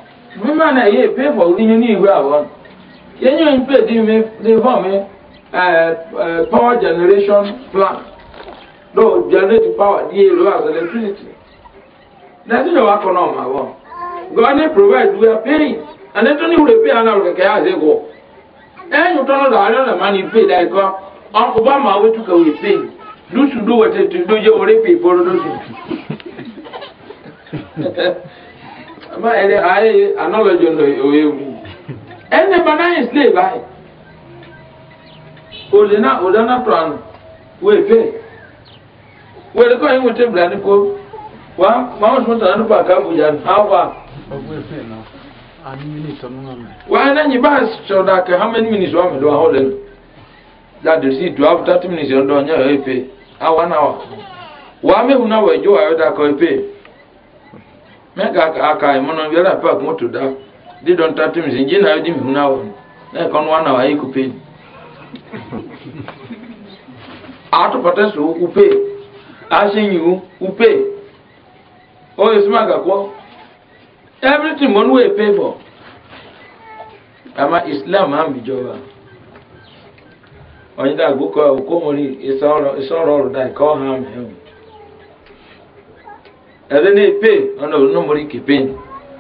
Speaker 1: mima na ye pe for uri n'ihu abụọ, ya yenyo in pe di me de ho me eh power generation plan no generate power di elu as electricity na di wa ko no abụọ, wo provide we are paying and then only we pay ya ze e, go Enyi you don't know na man you pay that go on ma we ka we pay do ama ɛdi ayi analogy no oye wi ɛni banana slave ayi olena olena plan wey pay wele kɔ yin wote bila ni ko wa maa wosu na nufa paaka abuja ni awa. wa ɛna nyi ba sɔ da kɛ how many minutes wa mi do aho lɛnu that is it twelve thirty minutes yɛn do ɔnyɛ ɔyɛ pay awa na wa wa mehu na wɔ ɛdzo wa yɛ da kɔ pay. aka kàákà ìmọ̀nà yọ̀rọ̀ park mọ́tò dá dídọ̀ ní thirty minutes ǹjẹ́ náà yóò dín mìíràn wọn lẹ́ẹ̀kan ní one hour yìí kò pé. àtò pàtẹ́sì wo kò pé àṣeyìn wo kò pé ó yẹ súnmọ́ pay for. islam máa ń bìjọba ọ̀nyídàgbò kọ́ ọ̀kọ́ mọ́ni ìsọ̀rọ̀ ọ̀rọ̀ dà ìkọ́ ɛdi ne pe ɔna ɔno mori kepe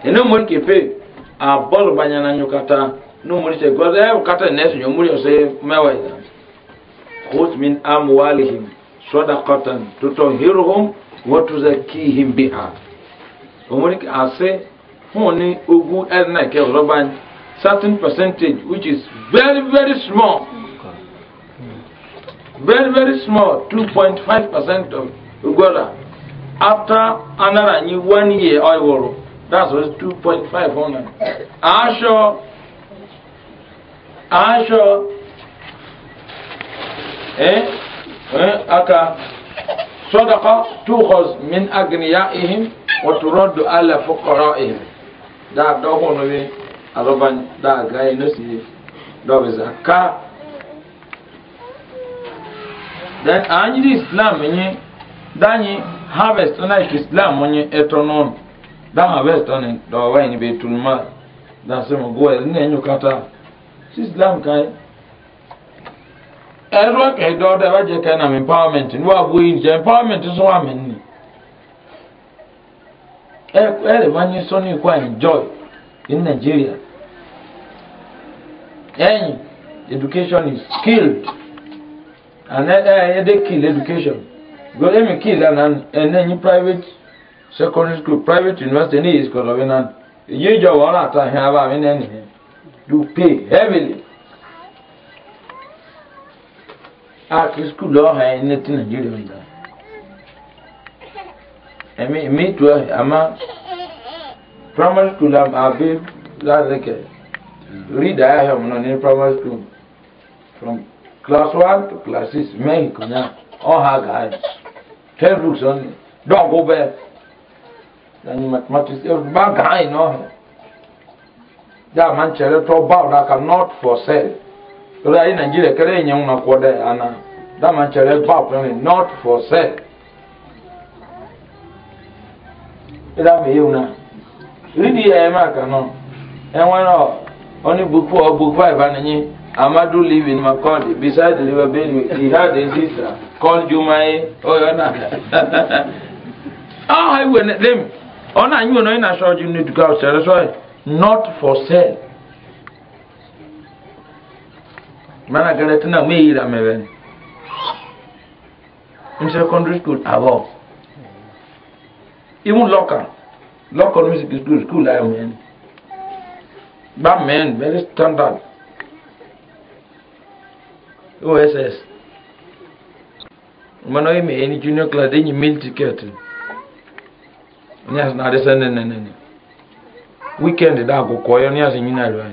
Speaker 1: ɛna e mori kepe abɔl banyana nyo kata no mori sɛ gɔdɛ ɛ kata nɛɛsi nyo mori ɔsɛ mɛwa yi la hot min amuwalihim sɔdakɔtan tutɔ hiruhum wɔtuzɛ kihim biha omori ase hɔn ni ogun ɛdi e na kɛ ɔrɔban certain percentage which is very very small very very small 2.5% of ugora. after another ni one year oil woro that's was two point five hundred aṣọ aṣọ ẹ ẹ aka sọdọkọ two horse min agniya ihim wọtúrọdù alẹ fọkọrọ ihim dáa dọkọ níbi alọba dáa gáyé e, dog is a car then anyi di islam yẹn dáa yẹn. harvest na islam onye etronom da harvest on do wine be tulma da se mo go ni enyu kata si islam kai ẹ̀rọ kẹ̀dọ́ ọ̀dọ̀ ẹ̀wá jẹ́ kẹ́nà mi empowerment ní wàá bu yìí empowerment sún wà mí nì. ẹ ẹ lè máa ń yín enjoy in Nigeria. ẹ̀yìn education is skilled and ẹ̀ ẹ̀ ẹ̀ dé kill education because emi kill that na ene private secondary school private university ni is kọlọ bi na iye jọ wọlọ ata hẹn aba mi nẹni you pay heavily At school lọ hẹn ẹni ti nigeria nga ẹmi ẹmi tu ẹ ama primary school am abi lazeke read aya hẹn mu na ni primary school from class one to class six mẹ́hìn kan náà all her guys. Ferguson, Dagobert. Animat matis er bagai no. Da man chere to bow that I'm not for sale. Tola so, in Nigeria kere nyen una kwode ana. Da man chere bow plan not for sale. Ida me yuna. Ridi ya emaka no. Enwe no. Oni buku o buku ba ibanenyi. Amadu live in Makodi beside the river Benue. He had a
Speaker 2: sister
Speaker 1: called Jumae Oyona. Oh, *laughs* ah, I will them. On oh, I knew no in a short you need to go outside. That's why not for sale. Mana galatina me ira meven. In secondary school above. Even local. Local music school, school I am in. But men, very standard oss mana oyi mai eni junior class da yi meal ticket ni a na adisa ne ne weekend da akoko ya ni a sin yi na ruwa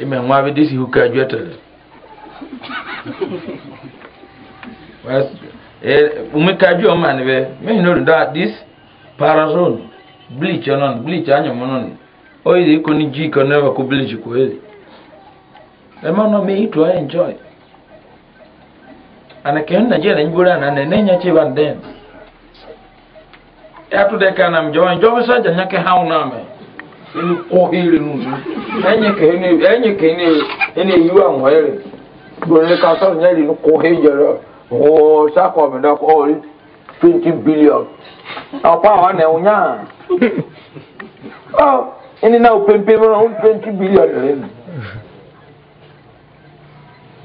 Speaker 1: ime nwa bi disi huka ju etele umi kaju ọma ni bẹ mehin lori da dis parasol bleach ọ̀nà bleach anyamọ̀ ọ̀nà oyi de ko ni ji kan nẹ́wà ko bleach ko ezi. lemon no me to enjoy ana ken na jere ngura na ne nenya chi ban den ya to de kana mjo njo sa ja nyake ha una me ni ko hiri nu enye ke ni enye ke ni ene yiwa ngwere gole ka so nyali no ko he jere o sa ko me na ko 20 billion apa wa ne unya oh ene na o pempe mo 20 billion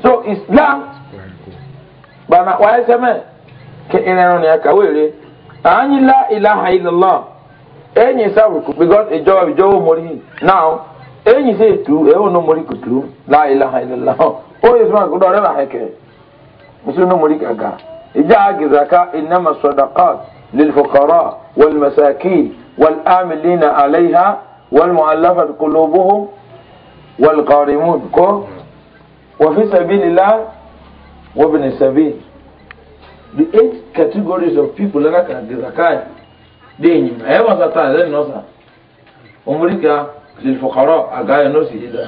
Speaker 1: so islam bana waye seme ke ina no ya kawere anyi la ilaha illallah enyi sabu because ijo ijo mori now enyi se tu e no mori kutu la ilaha illallah o yesma ko dore na heke musu no mori kaga ija gizaka inma sadaqat للفقراء والمساكين والآملين عليها والمؤلفة قلوبهم والقارمون كو wafi sabilillah wabin sabil the eight categories of people lana ka gizakai de enyim ɛyɛ wasa taa ɛyɛ nɔsa omurika lilfukara agaya nɔsi yi da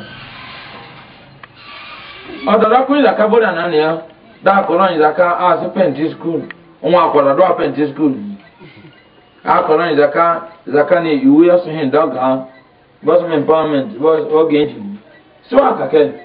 Speaker 1: ɔdɔdɔ kun zaka bɔda naniya daa kɔnɔ nyi zaka aasi pɛnti skul ɔmo akɔda do a pɛnti skul akɔnɔ nyi zaka zaka ni iwu yɛ suhin dɔga bɔsum empowerment bɔs ɔgɛnji siwa kakɛ.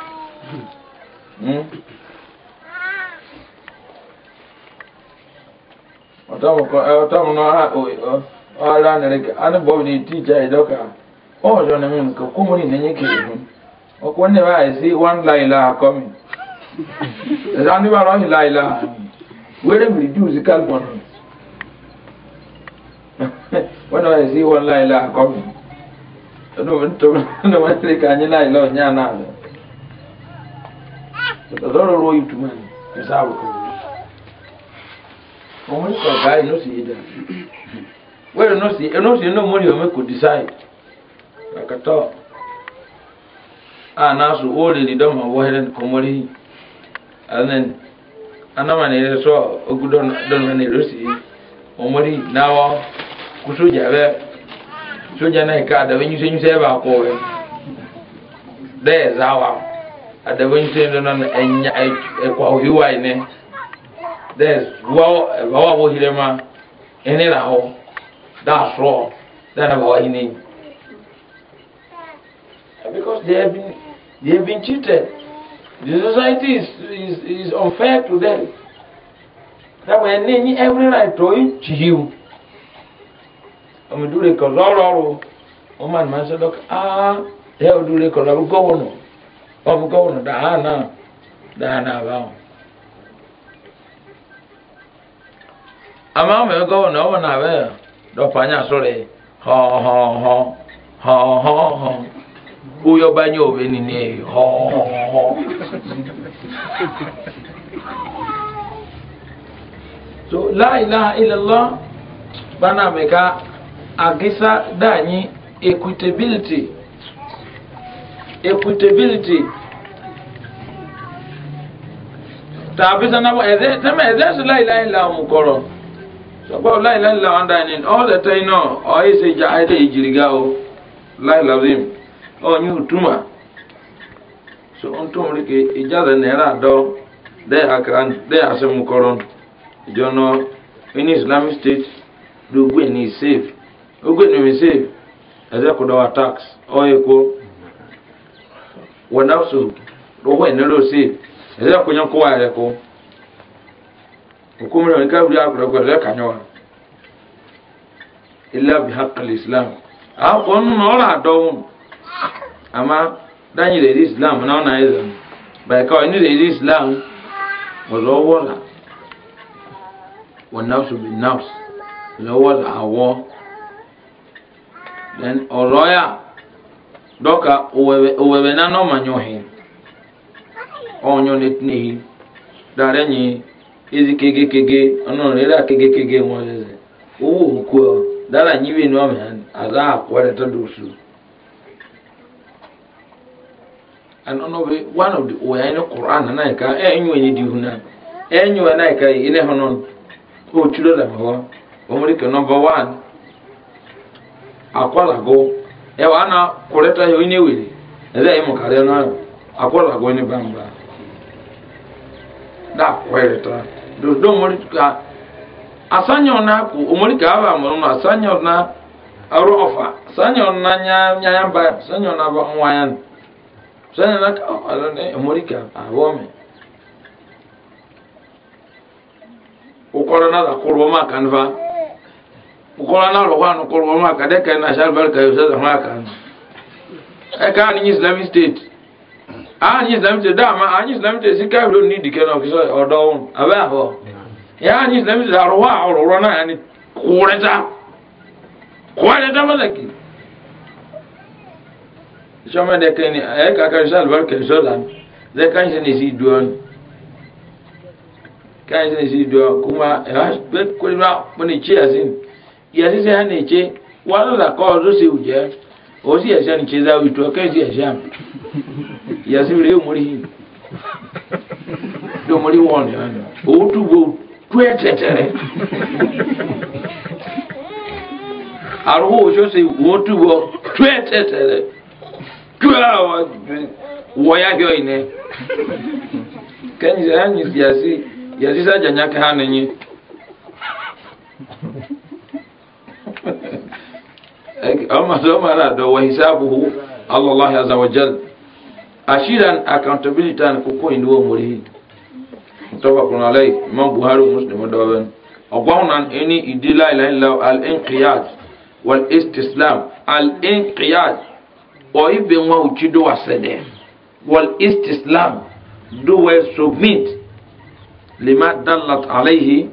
Speaker 1: Hmm? ọtọmọ kọ ka anụ na-eti ịdọka. ọkọ ní bá yẹ sí wọn la ìlà akọ mi ẹ̀dá ní bá rọ ìlà ìlà wọn náà yẹ sí wọn la ìlà akọ mi ọdún mi tó ka anyị tó ká ní láìlọ zoro ruwa yi tuma ne za a kuma òun kọ gàárì ní oṣù yìí dà wẹ́rẹ̀ nọ́ọ̀sì ẹnọ́ọ̀sì náà a náà sọ ó lè dìdọ́ wọ́ ẹ̀rẹ́ kò mọ́rí ẹ̀rẹ́n anamọ̀ ní ẹ̀rẹ́ sọ ogun dọ́nà kó sójà bẹ́ẹ̀ sójà náà ká bá kọ́ adabɛnkyɛn do no ɛnya ɛkɔ ahuhiwa yi ne dɛs wawo wawo a wɔhire ma ɛne na hɔ daa sorɔ daa na bawa yi because they have been they have been cheated the society is is is unfair to them dáwọ ẹni ẹni every night ọ̀ yìí tì yìí o ọmọdúró kọ̀ lọ́rọ̀ọ̀rọ̀ ọmọ àdìmọ́sọ́dọ́kọ̀ ah ẹ̀ ọdúró kọ̀ lọ́rọ̀ gọ́wọ́nù. ọbụ gọvanọ ọ bụ na abịa dọpanye asụrị họhọhọ họhọhọ nile họhọhọ so laila agisa danyi equitability equitability tàbí ẹ̀dẹ́ tẹ́mẹ̀ ẹ̀dẹ́ láìláì la kọ̀rọ̀ sọgbọ́n láìláì la ni ṣe o so ń tún ìjà rẹ̀ náírà dọ́ dẹ́ àkàrà dẹ́ islamic state ló gbé ní ó gbé ní mi ẹ̀dẹ́ kò tax ẹ̀kọ́. wanafsu roho enero si ezira kunya ko wale ko hukumu ni kabri ya kula kwa kanyoa illa bi haqqi alislam a ko no ra do ama danyi islam na na eza ba ka ni le islam ozo wala wanafsu bin nafs lo wala awọ ọlọ dɔka owɛwɛ nana ɔmanyɔ hɛ ɔnyɔ netine yi darɛ nyi ezi kege kege ɔnɔnɔ yɛrɛ kege kege ŋɔ zɛzɛ owó òkú ɔ dara nyi wei ni aza akɔrɛ tɔ do su nana yi ka yi di e yi na yi ka yi hɔ nɔn o tsi do dama hɔ ɔmɔ kɛ ewa ana kuleta yo ine wili eza imo kare nayo akola gweni bamba da kweleta do do mori ka asanyo na ku umori ka aba mo no asanyo na aro ofa asanyo na nya nya nya ba asanyo na ba mwayan asanyo na ka alo ne umori ka awome ukora na da kurwa makanva ukola na lokwa no kolwa ma ka de ka na shal bal ka yusa da ma ka islamic state a ni islamic state da ma a ni islamic state sika lo ni dike no ya ni islamic state arwa ororo na ya ni kureta kureta malaki shoma de ka ni e ka ka shal bal ka yusa da ze kan shi ni si kan si kuma ko ni ni yẹsi sẹ ẹni tse wọn lọ kọ ọdún sí ìwùjẹ o sì ẹsẹ ni tse dá ìtú ọkẹ sí ẹsẹ mi yẹsi rẹ mọrí yìí ló mọrí wọn ni òun tún bò tú ẹ tẹtẹrẹ àrùn òṣò sí wọn tún bò ẹ tẹtẹrẹ tú ẹ àwọn wọya yọ yìí nẹ kẹ́yìn sẹ́yìn yẹsi yẹsi sẹ́yìn jẹ̀nyá kẹ́hánì yìí amma so mara da wa hisabuhu Allah azza wa accountability an ko ko inwo muri tawba kun alai man buhari muslim da ban ogwanan any idila ila ila al inqiyad wal istislam al inqiyad o ibe wa uchi do wasede wal istislam do we submit lima dallat alaihi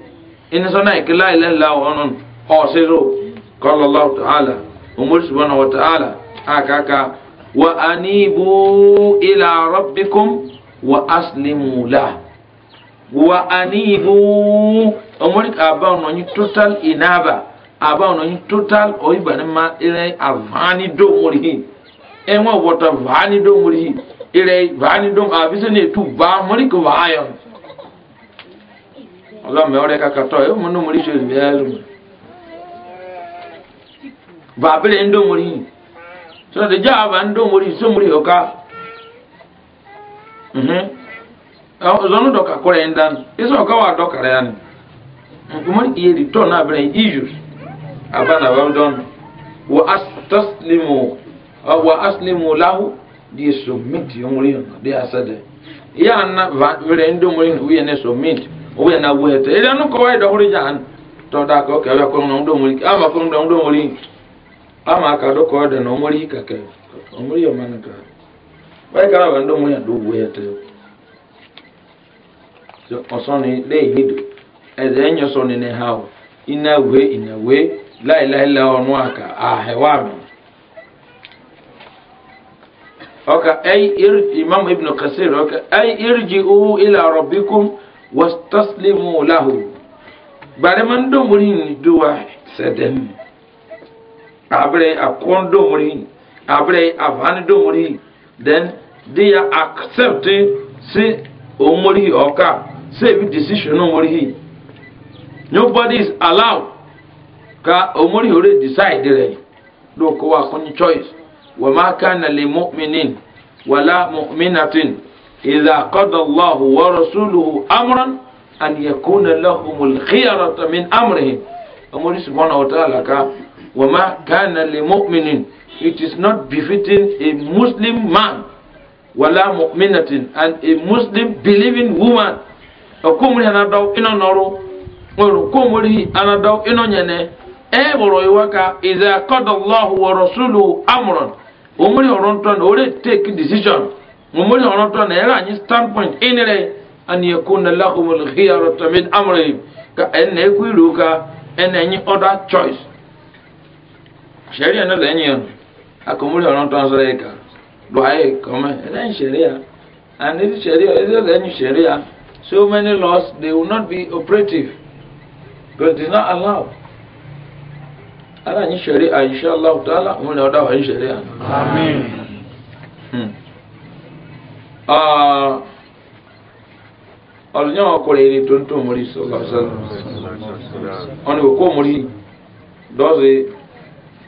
Speaker 1: in sona ikla ila ila onon o sero qala umar subhanahu wa ta'ala aka aka wa anibu ila rabbikum wa aslimu la wa anibu umar ka ba no ni total inaba aba no ni total o iba ni ma ire avani do muri e won wota vani do muri ire vani do abise ne tu ba muri ko vayon Allah me ore ka ka e mo no muri so babele ndo muri so de java ndo muri so muri oka mhm zonu doka kore ndan iso e oka wa doka re yani muri mhm, iye return na bere issues abana ba don wa astaslimu wa aslimu lahu di submit yomuri de asade ya na bere ndo muri uye ne submit uye na wete ile e no ko wa e do hori jan to da ko ke ko ndo muri ama ko ndo muri ama aka dɔkɔ ọdụ na ɔmɔri kakɛ ɔmɔri yɛ ɔmɔri ka báyìí kan àbá ndé ɔmɔri àdó owó yɛ tɛ ɔsɔni lé èyí ha o mi imam kasir iri ji owó ilà rɔbikum wọ́n tọ́sílẹ̀ mu làhùn abre a kon domri abre a van domri then they are accepting say omori oka say if decision omori nobody is allowed ka omori ore decide re do ko wa kun choice wa ma kana lil mu'minin wala mu'minatin idha qada Allahu wa rasuluhu amran an yakuna lahumul khiyaratu min amrihim omori subhanahu wa ta'ala ka wama kana li mu'minin it is not befitting a muslim man wala mu'minatin and a muslim believing woman okumuri anadaw ino noro ngoro kumuri anadaw ino nyene e boro iwaka idha qada allah wa rasuluhu amran omuri oronton ore take decision omuri oronton era any standpoint inire an yakuna lahumul khiyaratu min amrihim ka enne kuiruka enne any other choice sheria no lenyo akomuli ono tonsereka dwaye kome elen sheria and this sheria is lenyo sheria so many laws they will not be operative but they not allowed ala ni sheria inshallah taala umuli oda wa sheria amen hmm. ah ọlùyàn ọkùnrin tó ń tó mórí sọlá
Speaker 2: sọlá
Speaker 1: ọ̀nà òkú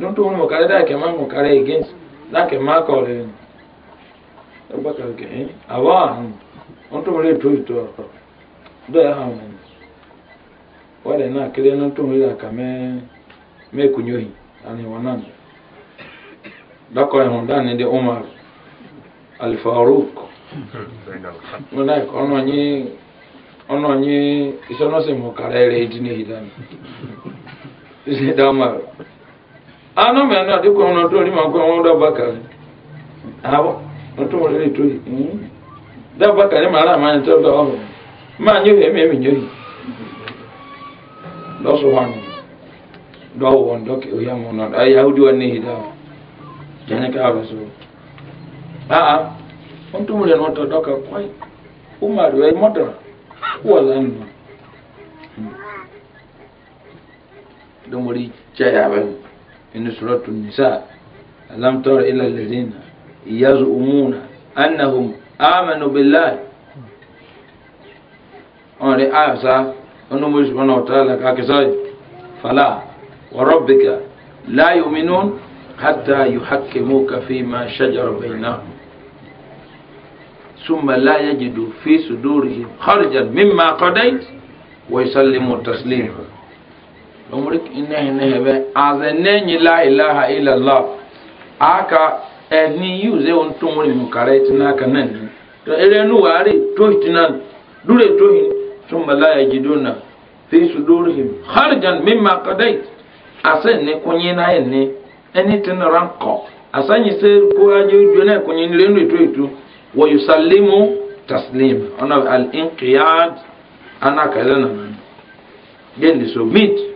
Speaker 1: don't own mokare da ke ma mokare against da ke ma kore ba ka ke eh awa on to re to to do ya ha men wale na kile no to ri ka me me kunyohi ani wanan da ko e honda ne de umar al faruq ona ko ono ni ono ni isono se re da ano mɛ no adi kɔn na to ni ma kɔn wɔn dɔ ba kan awɔ na to wɔn lɛ to yi dɔ ba kan ne ma ara ma nyɛ tɛ dɔ wɔn ma nyɛ fɛ mɛ mi nyɛ yi dɔ so wɔn dɔ wɔn dɔ kɛ o ya mɔ na ayi awo di wɔn da o jɛnɛ ka awɔ so aa wɔn to wɔn lɛ no tɔ dɔ kan kɔn umaru ɛ mɔtɔ wɔn lɛ no domori إن سورة النساء لم تر إلا الذين يزعمون أنهم آمنوا بالله أن آسى أنه سبحانه وتعالى كاكساي فلا وربك لا يؤمنون حتى يحكموك فيما شجر بينهم ثم لا يجدوا في صدورهم خرجا مما قضيت ويسلموا تسليما lomri ne ne hebe aze ne nyi la ilaha illa allah aka ni yuze on tumuri mu karait na kanan to ere nu ware to hitinan dure to hin thumma la yajiduna fi sudurihim kharjan mimma qadait asen ne kunyi na ene eni tin ranko asanyi se ko aje jona kunyi le nu to itu wa yusallimu taslim ona al inqiyad ana kalana den submit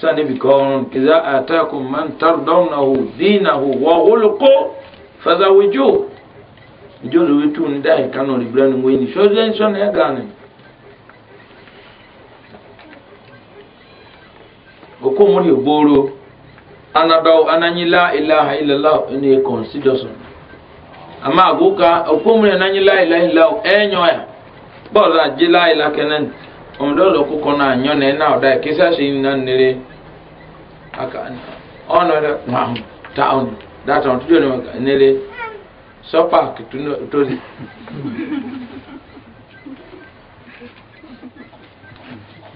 Speaker 1: sani bi kɔɔrɔn kiza ataakum man tardɔnahu diinahu wa hulko fazawijo ijo lo wetu ni daa kanu ni bila ni weyini sɔdɛ nsɔn ya e gaani oko mori ogboro anadaw ananyi la ilaha illallah ɛni ye consideration ama agoka oko mori ananyi la ilaha illallah ɛnyɔya e bɔɔlu adi la ilaha kɛnɛ ɔmɔdɔ lɔ kokɔ na anyɔ na ɛna ɔda kisasi na nere. aka ọnọdụ na taụn data ọtụtụ onye maka nere sọpak tozi ọdụ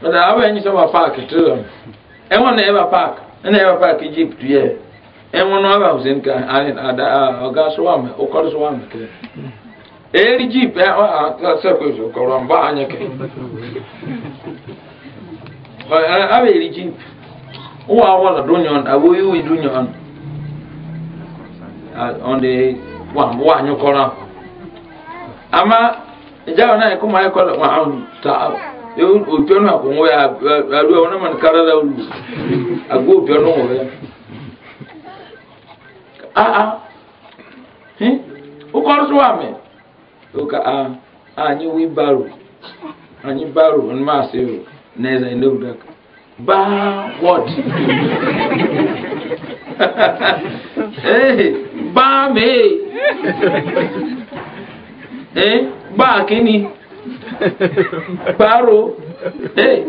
Speaker 1: abụọ enyi sọpa paak tụrụ enwe na ebe paak e na ebe paak ijipt ya enwe na ọba hụsị nka ọga sụwa ma ụkọrọ sụwa ma e eri jip ya ọ akọsọkwesị ụkọrọ mba anya kere ọ abụ eri jip Uwa wala dunyon, abu yuwi dunyon. On the wa wa nyukora. Ama ijawa na ikuma ya kola wa on ta yo upionu ko ngoya alu ona man karala ulu. Agu upionu ngoya. A a. He? Ukorso wa me. Uka a anyi wi baro. Anyi baro on ma se yo. Neza ndobu daka. Ba ee, eh, bá ee, eh, gbá kíni baro eh,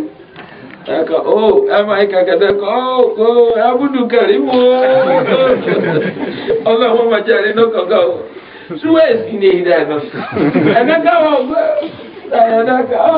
Speaker 1: aka o ama ika kata ka ko abudu karimu ọlọ wọn ma jẹ ẹni kọkọ o suwesi ni ìdáná ẹnaka wọn gbẹ ẹnaka ọ.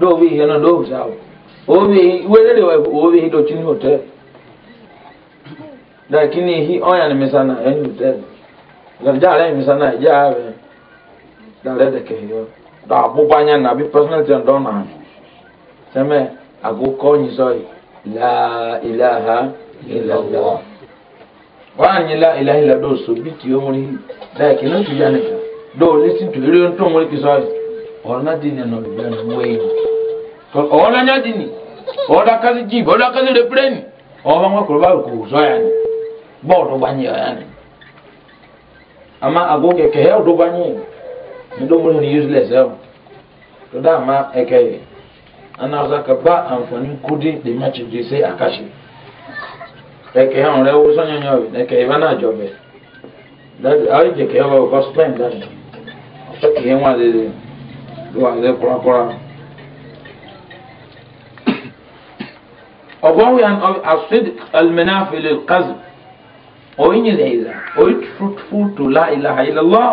Speaker 1: do bi he no do sa o bi wele le o bi do hotel lakini hi ni misana yani hotel la jara na misana jawe da le de ke yo na bi personal ten don na seme ago ko ni so la ilaha wa ni la ilaha illa do so bi ti o mo ni lakini tu do listen to ire on to mo ki so ọ̀rọ̀ ọ̀ọ́lẹ́nyá dì ní ọ̀ọ́dákásí jíìp ọ̀ọ́dákásí rẹpírẹ́nì ọ̀ọ́bá wọn kò báwò kò sọ yà ni bọ́ọ̀lù gbanyẹ ni àmà àgó kẹkẹ ẹ̀ ọ̀dọ́ gbanyẹ ní dọ́mọ́lù ní useless ẹ̀ tó dá àmà ẹ̀kẹ́ yẹ anáwó kaba àǹfààní kúdí ọgọ́wé asid almenafi lil kazi oyin le ila oyi truthful to la ilaha illallah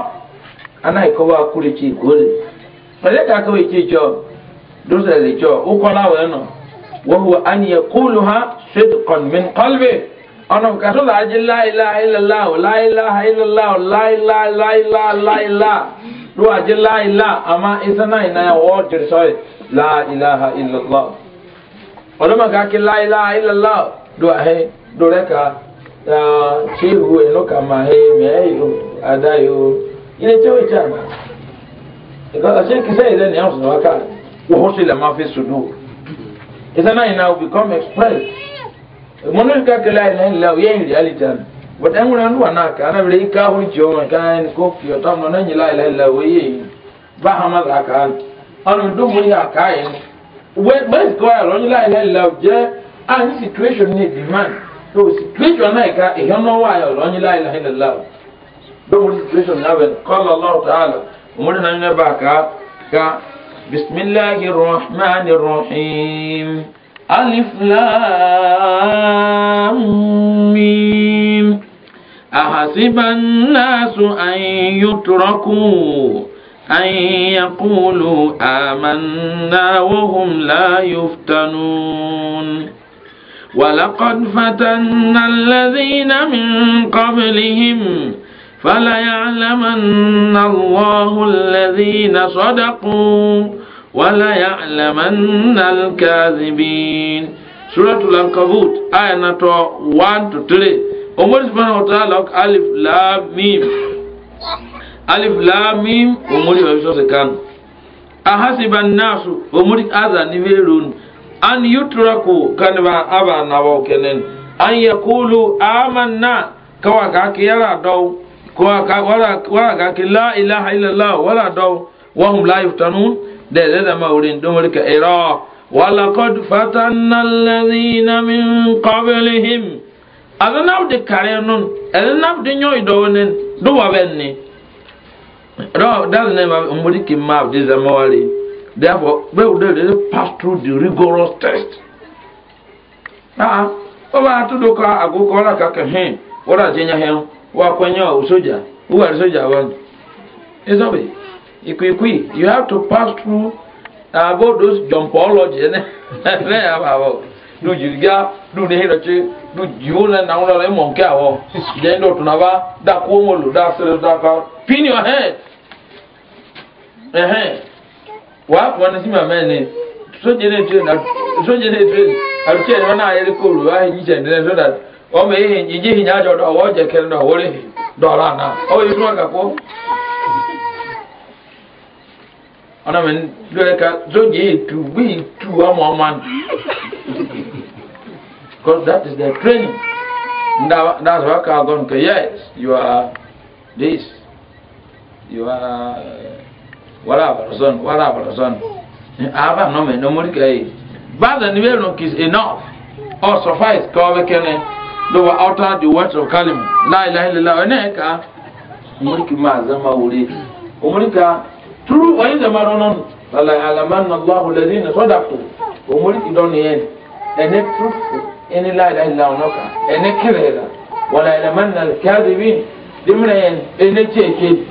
Speaker 1: ana ikowa akure chi gole pẹlẹ kaka wei chi jọ dosa le jọ ukola wẹ nọ wahu an yẹ kulu ha sidqan min qalbi ọnà kàtó la ajé la ilaha illallah la ilaha illallah la ilaha la ilaha la ilaha do ajé la ilaha ama isana ina ya wọ́ọ́ jirisọ́ la ilaha illallah ọlọ́mọ ká kí láìlá ìlàlá do ahẹ́ do rẹ́ka ṣé ìhù ẹ̀nú kà máa hẹ́ mẹ́ẹ́ ìlú àdá ìhù ilé tí ó ń jà náà ìkọ́ta ṣé kìsẹ́ ìlẹ́ ní àwọn sọ̀rọ̀ wákà wọ́n ṣe lè máa fi sùdù ìsẹ́ náà yìí náà will become express mọ́nú ìka kí láìlá ìlà òye ìrì àlìjà but ẹ̀ ń wúra ní wà náà ká náà bẹ̀rẹ̀ ìka ahùn jì ọmọ ìka ẹni kó fi ọ̀tá ọmọ náà nyìlá ìlà ìlà òye yìí bá hàn má when when kọ́ ẹ̀rọ ní láì lẹ́yìn lọ jẹ́ àní situation ní demand so situation náà ká èèyàn náà wà ẹ̀rọ ní láì lẹ́yìn lọ lọ́wọ́ situation náà wẹ̀ kọ́lọ̀ lọ́wọ́ tààlà òmùrẹ́ náà nílẹ̀ bá ká ká bisimilahi rahman rahim alif lam mim ahasiba naasu an yutraku. أن يقولوا آمنا وهم لا يفتنون ولقد فتنا الذين من قبلهم فليعلمن الله الذين صدقوا وليعلمن الكاذبين سورة الأنكبوت آية نتو 1 to 3 أمور سبحانه وتعالى ألف لام ميم alif lam mim omori wa biso sekan ahasiba nasu omori aza ni verun an yutraku kanba aba na wa kenen an yakulu amanna kawa ka kiyara daw kawa ka wala wala ka ki la ilaha illallah wala daw wa hum la yuftanun de de da maurin domori ka ira ولقد فتنا الذين من قبلهم أذنب دي كارينون أذنب دي نيوي دونين دوا بني No, that's the name of Umuriki map this Amawali. Therefore, they will pass through the rigorous test. Ah, ọba atụdụka agụkọ ọla ka ka hin wọra jenya hin wa kwenye o soja uwa soja wan isobe ikwikwi you have to pass through about uh, those jumpology ne ne ya ba bo do do ne hiroche do jiwona na ụlọ ịmụ nke then do tunaba da kwuo nwolo da sịrị pin your head ehe wa wana mene soje ne train soje ne train aruche ne na ayere so that o me ehe nje hinya jo do kere do wore do ra na tu because that is training yes you are this you are wala abarazon wala abarazon aba no me no muri kai bada ni vero is enough or suffice ko we kene do wa outer the words of kalim la ilaha illallah ne ka muri ki ma zama wuri umuri ka turu wa inda maronon wala alamanna allah alladhina sadaqu umuri ki don yen ene truthful ene la ilaha illallah no ka ene kirela wala alamanna al-kadhibin dimre ene cheke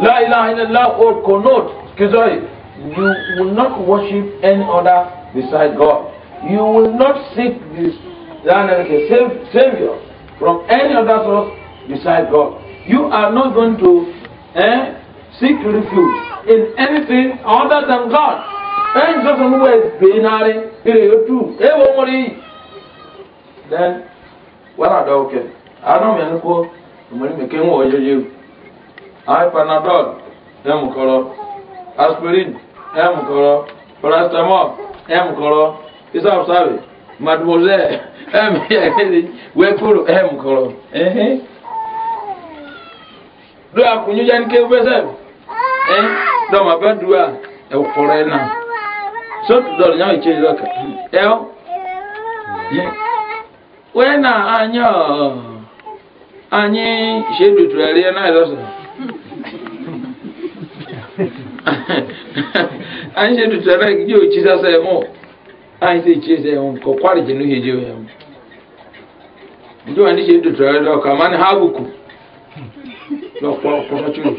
Speaker 1: La ilaha illallah or konot, kizoi, you will not worship any other beside God. You will not seek this Savior from any other source beside God. You are not going to eh, seek refuge in anything other than God. Ẹn sọ́sọ́ ní wọ́n Then, wọ́n á dọ̀wọ́ kẹ́, àádọ́ mi ẹni kó, ìmọ̀lẹ́mẹ̀kẹ́ ayi panadol ɛmu aspirin ɛmu kɔrɔ paracetamol ɛmu kɔrɔ isabusabe mademoiselle ɛmu yɛrɛ wekuru ɛmu kɔrɔ ɛhɛn do akunyuja ni kewu bɛsɛ ɛn ma bɛ duwa ɛwɔ kɔrɔ náà sotu dɔl nyɛ ɔyɛ kyerɛ ɔka ɛwɔ yɛ anyi sedu turɛ yɛ náà anyi ṣe tuntun ẹ̀rọ ìdí òkì sásẹ̀ ẹ̀mọ́ anyị ṣe ìkí ẹsẹ̀ ẹ̀mọ́ kọ̀ kwari jìnnú yẹ jẹ́ ẹ̀mọ́ ǹjẹ́ wọn ní ṣe tuntun ẹ̀rọ ìdí ọkà máa ní hábùkù lọ́pọ̀ ọ̀pọ̀lọpọ̀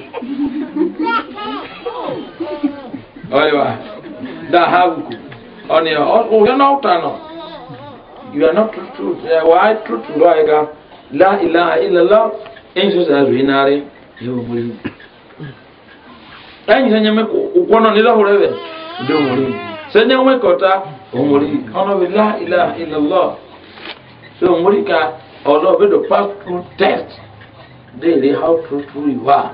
Speaker 1: ẹ̀yìn sẹ́yìn mi kọ́ náà nílò ọ̀rẹ́ rẹ̀ ìdí òmùrí sẹ́yìn mi kọ́ta òmùrí ọ̀nà mi lá ilà ilà lọ ṣe òmùrí ka ọ̀lọ́ bí do pass through test déèrè how truthful you are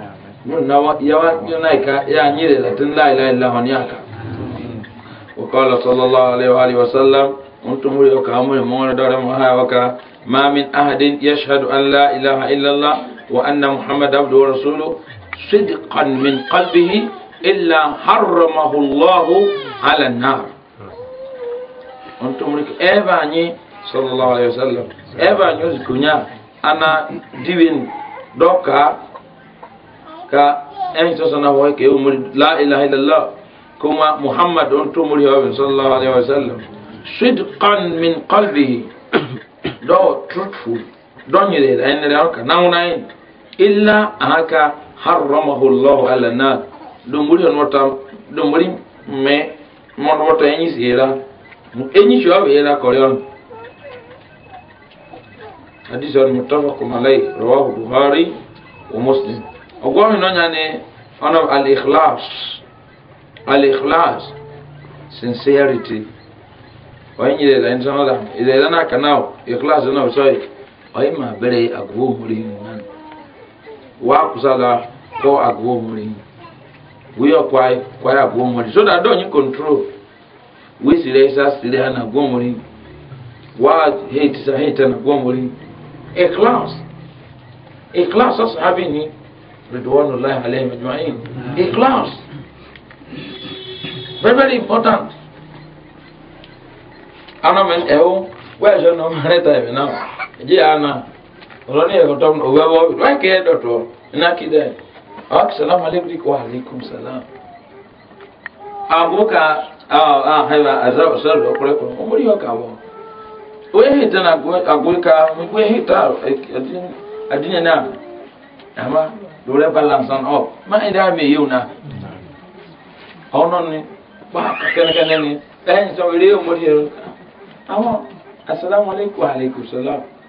Speaker 1: nínú náà yàrá yóò náà ìka yà á nyèrè láti ńlá ilà ilà wọn ní àká. وقال صلى الله عليه وآله وسلم أنتم يوكا أمر مون دار وكا ما من أحد يشهد أن لا إله إلا الله وأن محمد عبده ورسوله صدقا من قلبه إلا حرمه الله على النار أنتم لك إيباني صلى الله عليه وسلم إيباني يزكونا أنا دين دوكا كا أين سنة وهيك لا إله إلا الله كما محمد أنتم لي صلى الله عليه وسلم صدقا من قلبه *coughs* دو truthful دوني yi da yanayi da yanka na wunayin haramahu allah ala na domori on wata domori me mon wata enyi sira mu enyi sho awe era koryon hadith on muttafaqun alayhi rawahu buhari wa muslim ogwa mi no nyane ono al ikhlas al ikhlas sincerity oyin ile da internal da ile da na kanao ikhlas na so oyin ma bere agwo muri wakusala ko agwo muri wiyo kwa kwa agwo muri so that don't you control we sire sa sire na agwo muri wa hate sa hate na agwo muri a class a class ashabi ni ridwanullahi alayhim ajma'in a class very very important ana men ewo eh, oh, where is your number *laughs* time now je ana olórí ẹ̀kọ́ tó ń wọ́ láìké ẹ̀ dọ̀tọ̀ iná kídẹ̀ sàlámù aleykum dikọ̀ aleykum sàlám. àbúkà àhẹ́wà àzàbọ̀sọ̀rọ̀ ọmọ na náà àmà lórí balance on up máa mi yíw náà ni eré ọmọdé yẹn àwọn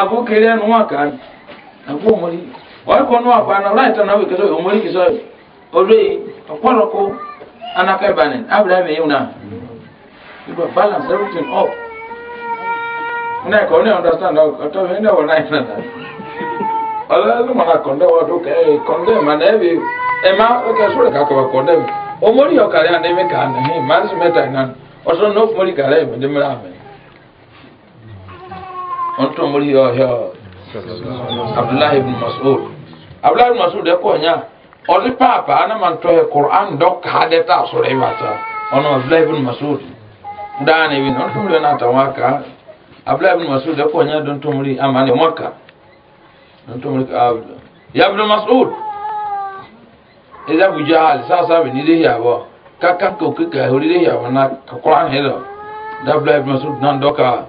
Speaker 1: agụ kiri ẹnu wọn kan agụ omori ọkọ nu akpa na ọlá ìtàn náà wí kẹsọ omori kìsọ ọdún ọpọlọpọ anaka ìbànú abraham ẹyìn náà ìgbà balance everything up ní ẹkọ ní understand ọtọ mi ní ẹwọ na ìfẹ na ọlọ́dún ndị náà kọ̀ndẹ́ wọ́n dún kẹ́ kọ̀ndẹ́ eh, mà na ẹ̀bí ẹ̀ má ó kẹ́ sórí kakọ̀ omori ọ̀kàlẹ́ àná ẹ̀mí kàn án ẹ̀hìn má wọn tó mori yọ
Speaker 2: abdullahi ibn mas'ud
Speaker 1: abdullahi bụ mas'ud ẹ kọ nya ọdí paapa anamantɔ yɛ koran dɔ kaa dị ta sɔrɔ yi bata ọnụ abdullahi ibn mas'ud daani bi na ɔn tó mori yɛ n'ata wọn aka abdullahi ibn mas'ud ɛ kọ nya dɔn ma ama ka dɔn tó ka ya abdul mas'ud sasa kaka oke na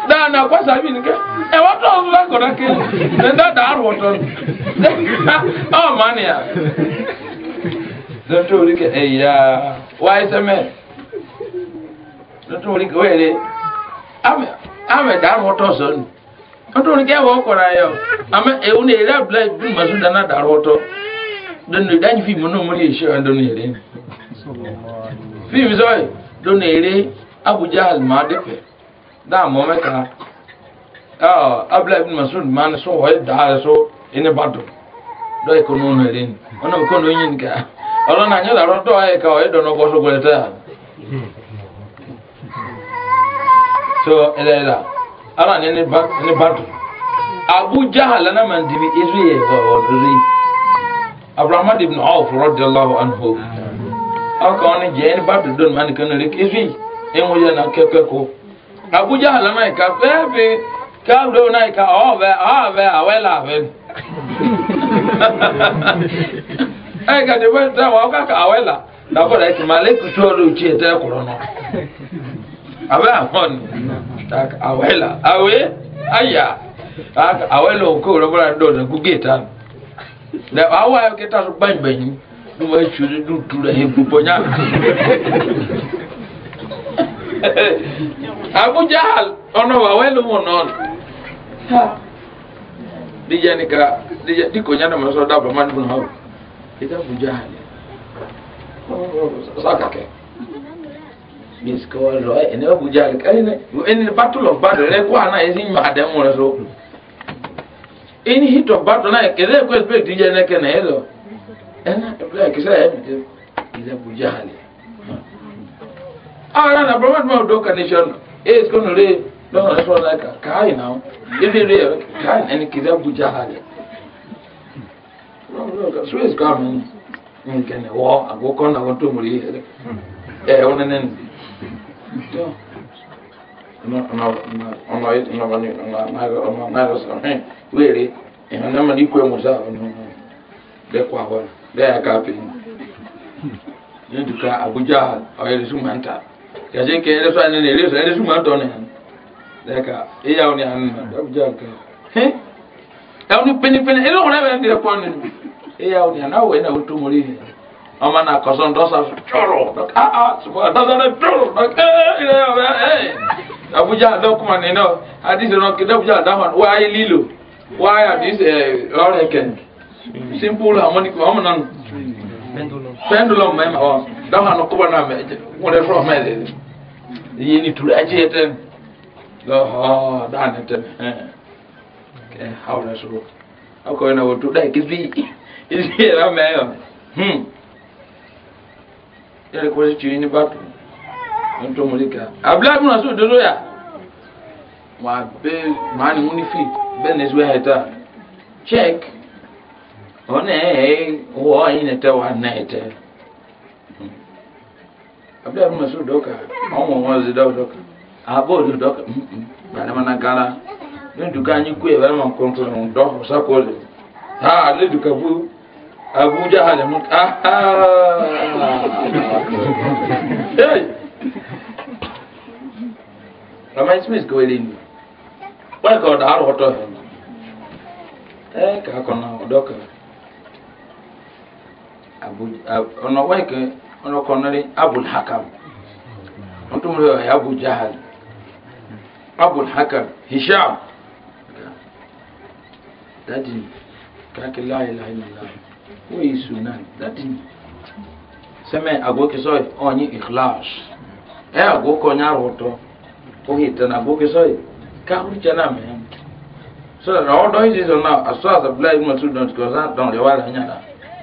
Speaker 1: E da na kwasa sabin e wato ozu la kora ke ne da da aro to mania ya wa ise me zato ri ke ame ame da aro to ni zato ri ọkọrọ anyị ame e uni ira bla bi masu na da don fi mu no muri ishe don ni re fi mi so don abuja al da momeka ah aa abdulayi masud man so wɔyɛ daare so ɛne ba do dɔ yi n'o nɔ ɛdini ko n'o na nyɛ lɔrɔ dɔ yɛ ka ɔyɛ dɔ n'o so ɛlɛ ɛlɛ ala ni ɛne ba ɛne ba do abuja halana man dibi ezu yɛ ɔwɔ lori abrahama de bi na ɔwɔ fɔlɔ de kan na abuja alama yi e, ka fɛɛfɛ kaabdo na yi e, ka ɔɔvɛ ɔɔvɛ awɛ laavɛ ayi ka tɛfɛ tɛ wa ɔka ka awɛ la dabɔ da yi e tuma ale kutu ɔdo tsi yɛ tɛ kɔrɔ nɔ awɛ ahɔn tak awɛ la awɛ aya tak awɛ la oke wɛrɛ bɔra do ne ko geeta dɛ awɔ ayɔ kɛ ta so gbanyi gbanyi duma esu du tu la *laughs* abuja ọ̀nà wà wẹ́lú mu nọ díjẹ nìka díjẹ díkò nyẹ nàmọ sọ dábàá má nínú hàn ìdá abuja sàkàkẹ bíyèsí kọ́ ọ lọ ẹni abuja ẹni ẹni battle of battle ẹ kó àná ẹsìn nyọ àdẹ́mu rẹ so ẹni hit of battle náà kẹsẹ́ ẹ̀kọ́ ẹ̀sìn pé díjẹ nìkẹ́ nà ẹ lọ ẹni ẹ̀kẹ́sẹ́ ẹ̀ bìtẹ́ ìdá abuja hàn. ah na brahman ma do condition it's going to no that's what like kai now if it rain kai and kiza buja hali so is coming in mm, can war ago kon na wonto muri eh onen to no no no no no no no no no no wele ina na mani kwe musa no de kwa ho de akapi nduka abuja ayele sumanta kaje ke ele so anene ele so ma deka e ya oni han ma da buja ka he ya oni peni peni ele ona be ndira pon ni e ya oni na we na utu muri ama na ko son dosa choro dok a a so da da choro dok e ile ya e, e, e, e do kuma ni no hadisi no ke da buja da han wa ai lilo wa ya this ore ken simple harmonic harmonic
Speaker 2: pendulum
Speaker 1: mɛma hɔ dɔnka no kuba naa mɛ ŋun de fɔlɔ mɛ de yi ni turu ɛkyi yɛ tɛ lɔhɔ daa ne tɛ kɛ hawu na soro akɔ yɛ na wotu da yi kisi isi yɛrɛ mɛ yɔ hmm yɛrɛ kɔsi tiri ni ba tu ntomori ka abila bi na so dodo ya maa bɛ maa ni mu ni fi bɛ na esi ta check. ona wọ wo na te wa ne te abla mu su doka omo mo zi do doka abo do doka mm, mm, bana mana gala ne duka nyi ku e bana man kontrol mu do sa ko ha le duka bu abu jahal mu ah *laughs* hey Ramai Smith go elini. Why God are hot? Eh ka kono doka. ọ̀nà wáyé kẹ́ ọ̀nà abul hakam abu jahal abul hakam hisham dadi kaki láyé láyé wọ́n yìí dadi sẹ́mẹ̀ ikhlas ẹ̀ ní káwọn jẹ́ náà mẹ́rin ọ̀dọ́ yìí sọ̀rọ̀ náà dọ̀tí kọ́sá wà náà.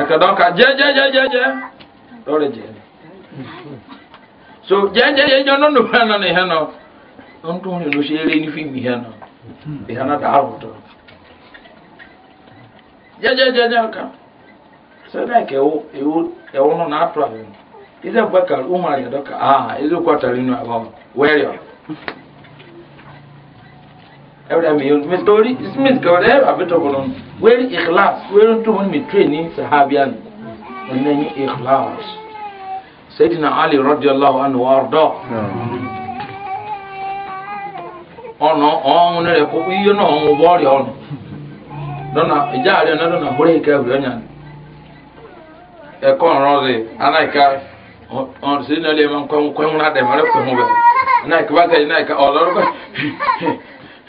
Speaker 1: ẹ̀kẹ́dọ́ka jẹ́jẹ́jẹ́jẹ́jẹ́ lọ́rẹ̀ jẹ́ so jẹ́jẹ́jẹ́jẹ́ nínú hàn náà nìyẹn náà wọ́n tún lè lọ ṣe eré ní fíìmù yẹn náà ìyẹn náà dàá rò tó jẹ́jẹ́jẹ́jẹ́ ọ̀ka sẹ́dá ẹ̀kẹ́ ẹ̀wọ́ ẹ̀wọ́ náà náà tó àyẹ̀wò ìdẹ́gbẹ́ka ó máa yẹ̀ dọ́ka ah ẹ̀dẹ́gbẹ́ka tàrí nù àbáwọ̀ wẹ́rẹ̀ ọ̀ ɛwura mi yɛ mi tori smith kɛ ɔrɛ abe tɔ kɔnɔ wɛri ikhlas wɛri tó mu mi tre ni sahabia ni ɔnɛ nye ikhlas sɛdina ali rɔdiyalahu anu ɔrdɔ ɔnɔ ɔn ne rɛ ko iye na ɔn bɔri ɔn dɔnna ìjà rɛ na dɔnna bɔrɛ ika wuli ɔnya ɛkɔ ɔrɔzi anayika ɔn sɛdina ali yɛ ma nkɔ nkɔ ŋuna dɛmɛ ɔrɛ kpɛ mu bɛ anayika bá sɛ anayika ɔlɔrɔ bɛ.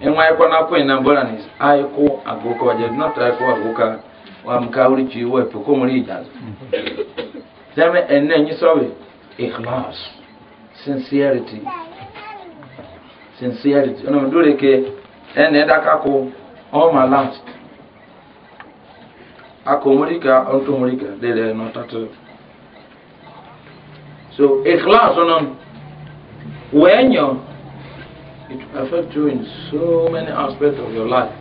Speaker 1: enwa ayikwa na point na bola ni ayiko agoka waje na try ko agoka wa mkauri chi we pe ko muri ijaz zame enne ikhlas sincerity sincerity ona mdure ke enne daka ko all my last akomurika onto murika dele no tatu so ikhlas onon wenyo it affects you in so many aspects of your life.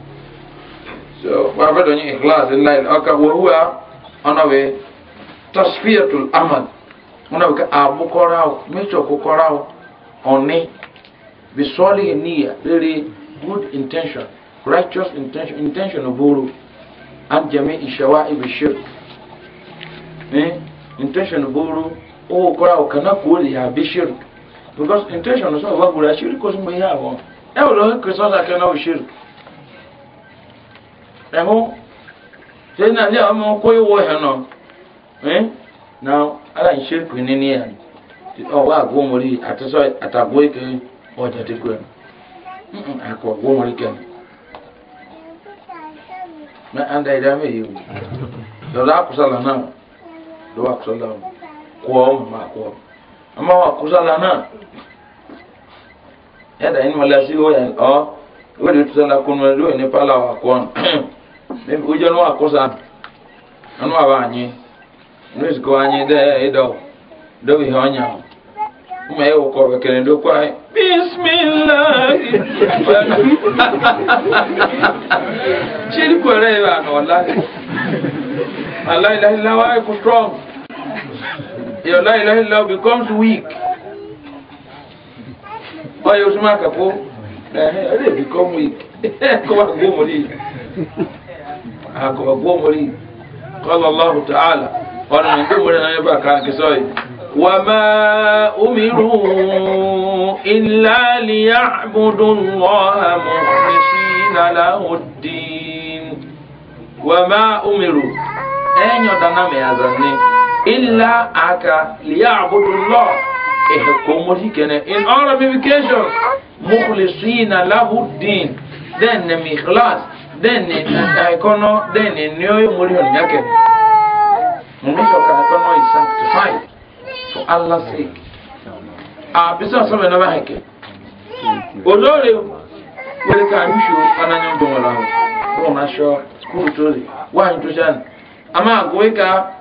Speaker 1: So, whatever the class in life, okay, on وهو أنا في تصفية الأمل أنا abu korao, mecho ميتو كراو أني بصالح niya really good intention righteous intention intention of buru عن جميع شوائب الشرك eh? intention of buru أو كراو كنا كولي بشرك because intention is ọba gburu ashiri kò sún ihe àbọ̀ ẹ wòlò ó kìrìsọ́ na náà òṣèlú ẹ̀hó ṣe ní nọ na ala ìṣèlú kò ní ní ẹ̀ ọwọ́ àgbo mọ̀rí ike ọjà ti kú ẹ̀ àkọ́ àgbo mọ̀rí kẹ́ anda ìdá mi yìí wò lọ́dọ̀ àkùsọ̀ lọ́nà lọ́wọ́ ama wa kusala na yada in malasi o yan o o de tusala kunu do ni pala wa kon *clears throat* ne o jonu wa anu wa anyi ne sko anyi de edo do bi honya ma e ko be kene do kwa bismillah *laughs* chiri ko re no la
Speaker 2: *laughs*
Speaker 1: Allah ilaha illa wa ku strong your la ilaha illallah becomes weak ọ yóò súnmọ́ àkàkọ́ ẹ lè become weak kó wà gbó ọ àkọ́ gbó mọ́lì kọ́lá allah ta'ala ọ̀nà ìgbó mọ́lì وما أمروا إلا ليعبدوا illa aka liya'budullah ehe komori kene in all ramifications mukhlisina lahu din then ne mikhlas then ne kono then ne nyoyo muri hon yake mumisho ah, ka kono is sanctified for Allah's sake a bisa so me na ba heke olore wele ka misho ananyo bongola ho bongola sho kuru to wa ntushan ama agweka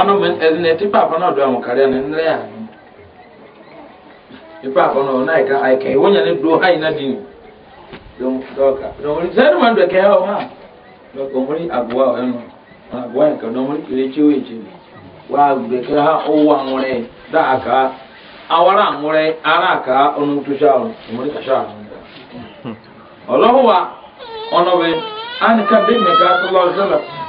Speaker 1: ọnụ m ezina eti ọdụ ahụ karịa na nre ya ipa akọ na ọna ika ndụ iwo nyane do ha ina din dom doka dom zero man do ke ha do ko ka kire chi chi wa ha o wa ngore da aka awara ngore ara onu o ka sha an ka me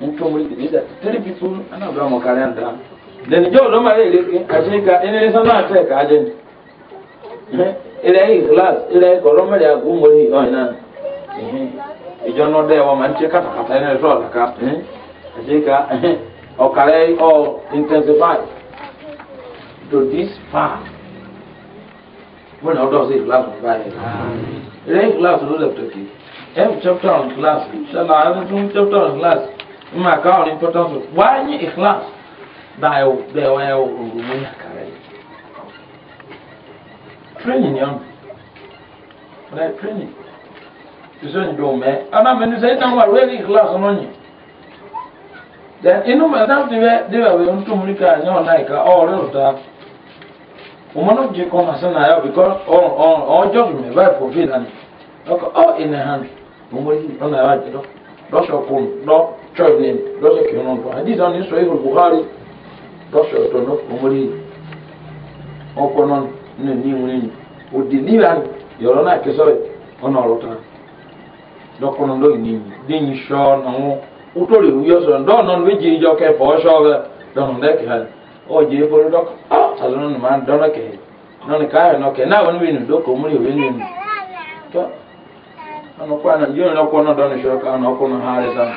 Speaker 1: ntomri ti da three people ana bra mo kare anda den jo lo mare ile ase ka ene le sana ate ka den ile i class ile ko lo mare agu mo ni o ina ijo no de wa man che kata kata ene so la ka ase ka o kare o intensify to this far when odo se class ba ile ile class lo le to ki every chapter on class inshallah every chapter on class mma ka ọ importance of wanye ikhlas da da yo yo rumu ya kare training yon na training iso ni do me ana me ni sai tan wa we ikhlas ono ni then inu ma ta de we de we on to muri ka nyo na ka o re ta o mo no je ko ma sana yo because oh oh oh just me vai for vida ni oh in the hand mo ni ona wa do do so ko do traveling lọ́sẹ̀ kí wọ́n bọ̀ àdìsá ní sọ ìhùn buhari lọ́sẹ̀ ọ̀tọ̀ náà kò mórí ọkọ̀ náà ní ní ìwé ni òdì nílànà yọ̀rọ̀ náà kẹsọ̀ ọ̀nà ọ̀rọ̀ tán lọ́kọ̀nà lóyìn ní déyìn sọ àwọn ó tó lè wúyọ sọ̀rọ̀ dọ́ọ̀nà méjì ìjọ kẹfọ́ sọ rẹ dọ́ọ̀nà lẹ́kẹ̀ rẹ ọ̀jẹ̀ ìbọ̀rọ̀ dọ́kọ̀ àtàlọ́nà máa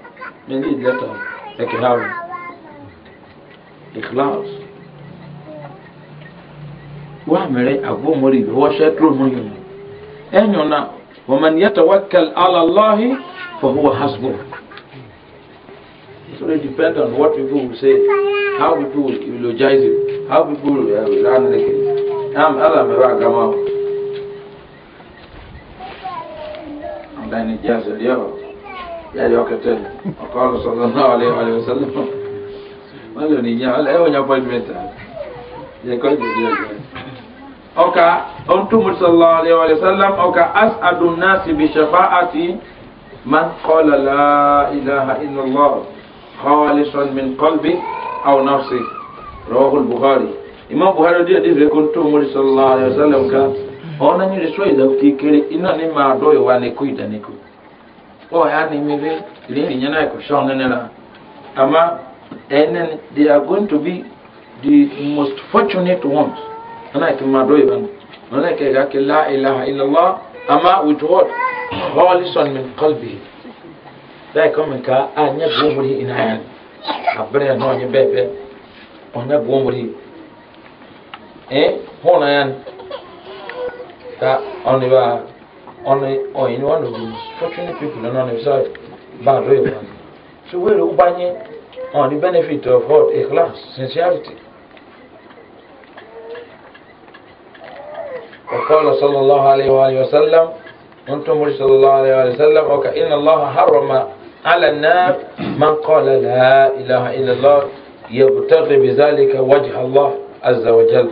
Speaker 1: They need letter like Harun. Ikhlas. Wa mere abu mori wa shatru muhim. Enyona wa man yatawakkal ala Allah fa huwa hasbuh. So it depends on what people will say, how people will eulogize you, how people will learn like it. I'm Allah mewa I'm then it just, yeah. jadi oke ten akal sallallahu alaihi wa sallam malu ni nya ala yo nya appointment ya ko dia oka antum sallallahu alaihi wa sallam oka as'adun nas bi shafa'ati man qala la ilaha illallah khalisan min qalbi aw nafsi rawahu al-bukhari imam buhari dia dia kon to mo sallallahu alaihi wa sallam ka ona ni resoida ki kere ina ni ma do yo wa ne kuida ne kuida o ya ni mi be ile ni yana ko shon ne na ama and they are going to be the most fortunate ones ana ke ma do iban ana ke ga ke la ilaha illallah ama with what khalisan min qalbi da kuma ka anya gumuri ina yan abere no nye bebe ona gumuri eh hona yan ka oniba on a, or in one of the structuring people and on the side bad way one. So we ubanye on the benefit of what a class sincerity. وقال صلى الله عليه وآله وسلم أنتم صلى الله عليه وآله وسلم وكأن الله حرم على النار من قال لا إله إلا الله يبتغي بذلك وجه الله عز وجل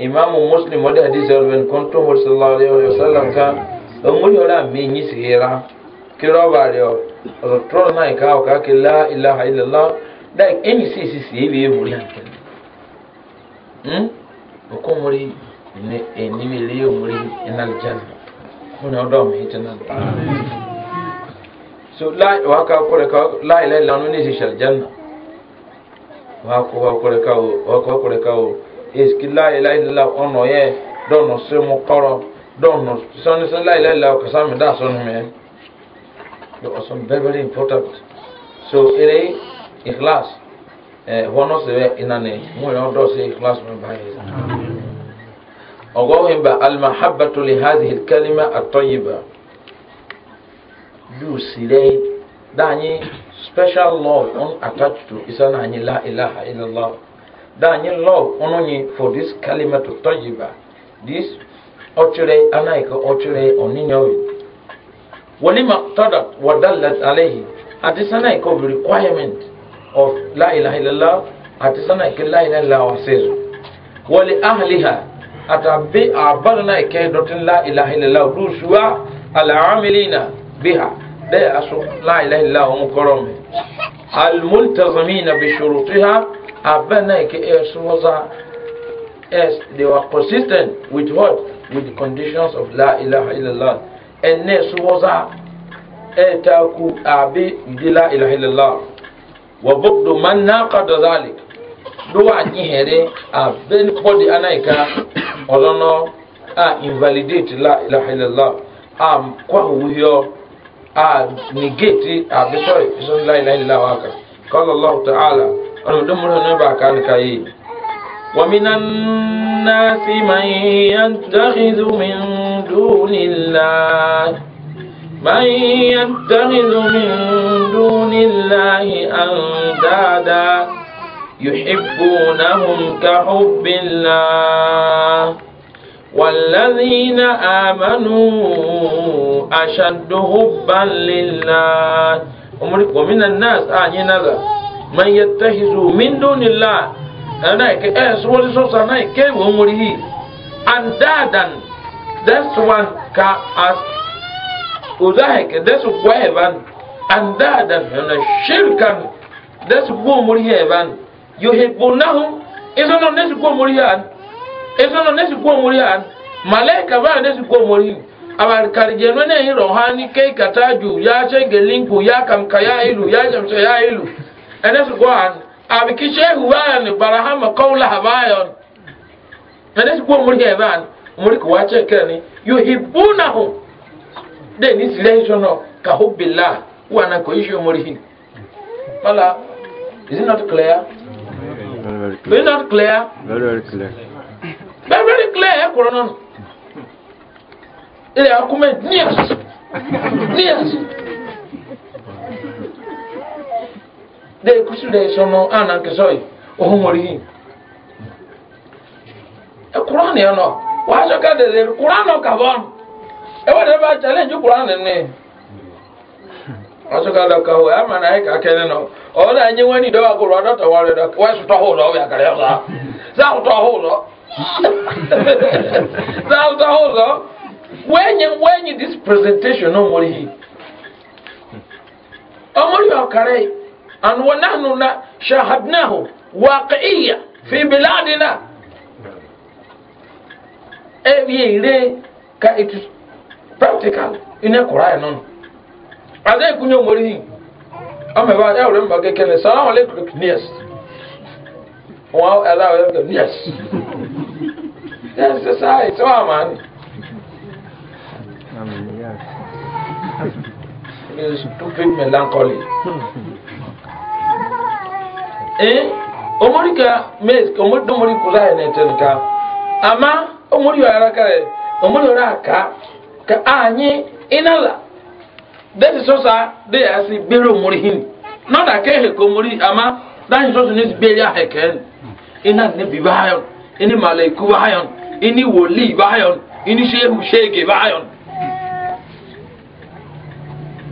Speaker 1: إمام مسلم ودي حديث أربعين كنتم صلى الله عليه وسلم كان omuli ola minyi sihira kirobaryo otoro na ika oka ke la ilaha illallah dai enyi si si si ebe muri anken hm O ko muri ne eni mi le muri enal janna na odo mi hitana so la wa ka ko ka la ilaha illallah ni si shal janna wa ko wa ko ka wa ko ko ka o eski la ilaha illallah ono ye dono se mo koro dɔɔnɔ sɔɔni sɔɔni la ilaha illallah kasa mi da sɔɔni mɛ yɔ ɔsɔn very very important so ere ikhlas ɛ wɔnɔ sɛbɛ inani mo yɛ ɔdɔ se ikhlas mi ba yi ɔgɔwin ba alimahabatu li hadhihi kalima atɔyiba du sire daanyi special love on attached to isana anyi la ilaha illallah daanyi love ɔnɔ for this kalima to tɔyiba this أتري أنايك أتري أنينيوي ولما اقتضت ودلت عليه أتسنايك of requirement of لا إله إلا الله أتسنايك لا إله إلا الله وسير ولأهلها أتبي أعبرنايك دوتن لا إله إلا الله روسوا العاملين بها ده أسو لا إله إلا الله مكرم الملتزمين بشروطها أبنايك إيش وزا Yes, they were consistent with what with the conditions of la ilaha illallah ẹnẹ sọwọ́sá ẹ taaku àbí ìdí la ilaha illallah wà bọ́dọ̀ máa ná kàdọ̀ záàlì lọ́wọ́ ànyìnhẹ̀rẹ́ àbẹ́ni pọ́dì anáyíká ọ̀dọ́nà a invalidate la ilaha illallah a kọ́ àwùyọ a negate àbísọ̀ uh, ìfisọ́ la ilaha illallah wà kà kọ́ lọ́lọ́ ta'ala ọ̀nà ọ̀dọ́mọdé ọ̀nà ìbá kan ومن الناس من يتخذ من دون الله من يتخذ من دون الله أندادا يحبونهم كحب الله والذين آمنوا أشد حبا لله ومن الناس آه من يتخذ من دون الله ɛnna ke ɛɛ sɔwɔli sɔsɔ ɛnna ke wɔn mori hi and daadan that's one ka as ozahike that's wɔ ɛban and daadan ɛnna shirkan that's wɔ mori hi ɛban yohebonahum ɛsɔnɔ nɛsi kɔ mori hi an ɛsɔnɔ nɛsi kɔ mori hi an malaika baa nɛsi kɔ mori hi abarkarjeno ne yi rohani kai kataju ya ce gelinku ya kamka ya ilu ya jamsa ya ilu ɛnɛsi kɔ an abiki shehu ban barahama qawla habayon ene ko muri he ban muri ko wache kene yuhibbunahu de ni silensono ka hubbillah wana ko isho muri hin mala is it not clear
Speaker 2: very very clear is not clear very very clear
Speaker 1: very very clear koronon ile akume nias nias de kusure sono ana nke ohun mori e qur'an ya no wa so ka de qur'an no ka bon e wa de ba challenge qur'an ne wa so ka da ka wa ma na e ka o na nyi wani do wa qur'an do to wa re do wa so to ho ya ka to ho to ho when you when you this presentation no mori أن ونحن شاهدناه واقعية في بلادنا ebiyere ka it is practical ina kura eno no ade ikunye omori hin ọmọ ẹba ẹ wọlé mbà kékeré salamu aleykum yes wọn ẹlá wọlé mbà yes yes sisa ayi sọ àmà ni. It is stupid melancholy. *laughs* eh omori ka mes omori do mori kula ne tenka ama omori wa raka omori ra ka ka anyi inala desi sosa so sa they as bero omori hin not that ke he ko omori ama that sosa so ne be ya he ken ina ne bi ba yon ini malaiku ba yon ini woli ba yon ini shehu shege ba yon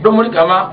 Speaker 1: do kama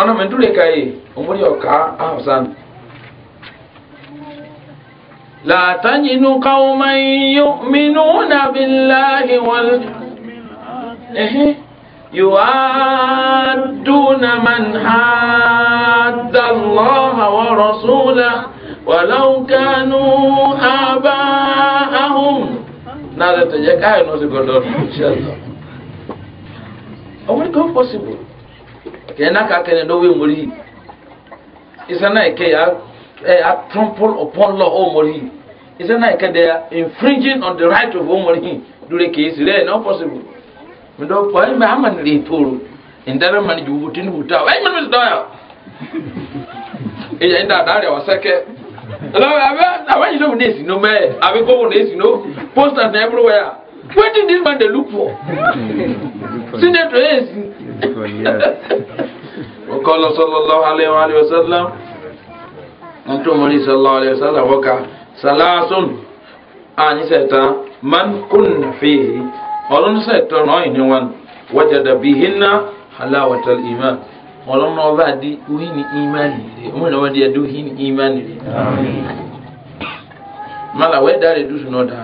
Speaker 1: ana mɛ ndure ka ye omori ɔka ahosan لا تجد قوما يؤمنون بالله وال يوادون من حاد الله ورسوله ولو كانوا آباءهم نادت جاك آية نوزي قدر إن شاء الله أولي كيف possible yẹn náà kàkẹ́ ni lọ́wọ́ ìmọ̀rí yìí isan náà kẹ́ ya ẹ̀ a trample upon law ọ̀ mọ̀rí yìí isan náà kẹ́ dẹ́ infringing on the right of ọ̀ mọ̀rí Do dure kèésì rẹ̀ not possible ndọ́ pọ̀ ẹ̀ mẹ́ àmà nílé ìtòrò ndẹ́rẹ́ mọ̀ ní ju wùtí ní wùtá ẹ̀ mẹ́rin mi dọ́yà ẹ̀yà ẹ̀dá àdáàrẹ̀ wà sẹ́kẹ́ ẹ̀lọ́wọ́ abẹ́ àwọn yìí this ní èsì nómẹ́ ẹ̀ àbí kó wọn You know, posters na everywhere did this man they look for senator *laughs* وقال صلى الله عليه وآله وسلم أنتم ولي صلى الله عليه وسلم وكا ثلاث أني سيتا من كن فيه ولن سيتا نوين وان وجد بهن حلاوة الإيمان ولن نوضع دي وين إيمان ومن نوضع دي وين إيمان مالا وين داري دوسو نوضع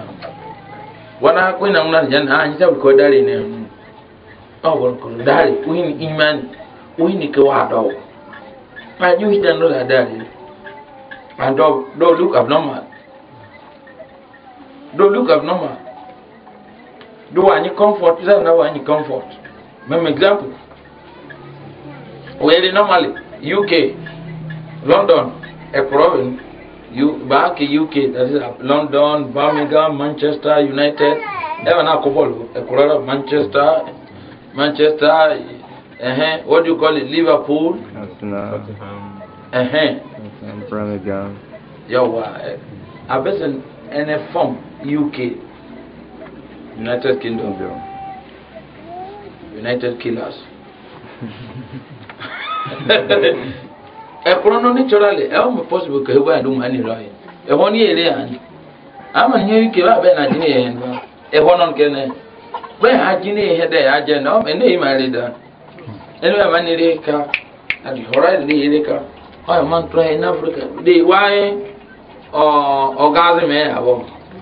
Speaker 1: وانا كوين أمنا جنة أني سيتا بكو داري نوضع awon kun dari uhin iman uhin ke wa do pa ju hidan do dari and do eh? do look abnormal do look abnormal do any comfort is not any comfort mem example where normally uk london a province you back uk that is uh, london birmingham manchester united ever now football a color of manchester Manchester, uh-huh. what do you call it? Liverpool?
Speaker 2: Arsenal. Uh-huh. Premier League.
Speaker 1: Yawa. I bet in any form, UK, United Kingdom. United Killers. ɛkplɔ *laughs* eh, no naturally ɛwɔ eh, mo possible ka ewu adu right? nira yi ɛhɔ ni ere ani ama nyɛ wiki ba bɛ na di ne yɛ ɛhɔ nɔ kɛnɛ. bẹ́ẹ̀ hajj ní ihe dẹ́ ya jẹ́ náà ẹ̀ ní ìmọ̀ ẹ̀rẹ́ dán ẹni bẹ́ẹ̀ máa ní eré ká àdìhọ́rọ́ ẹ̀ ní eré ká ọ̀yọ̀ máa ń tọ́ ẹ̀ ní áfíríkà dé wáyé ọ̀gá azìmẹ́ àbọ̀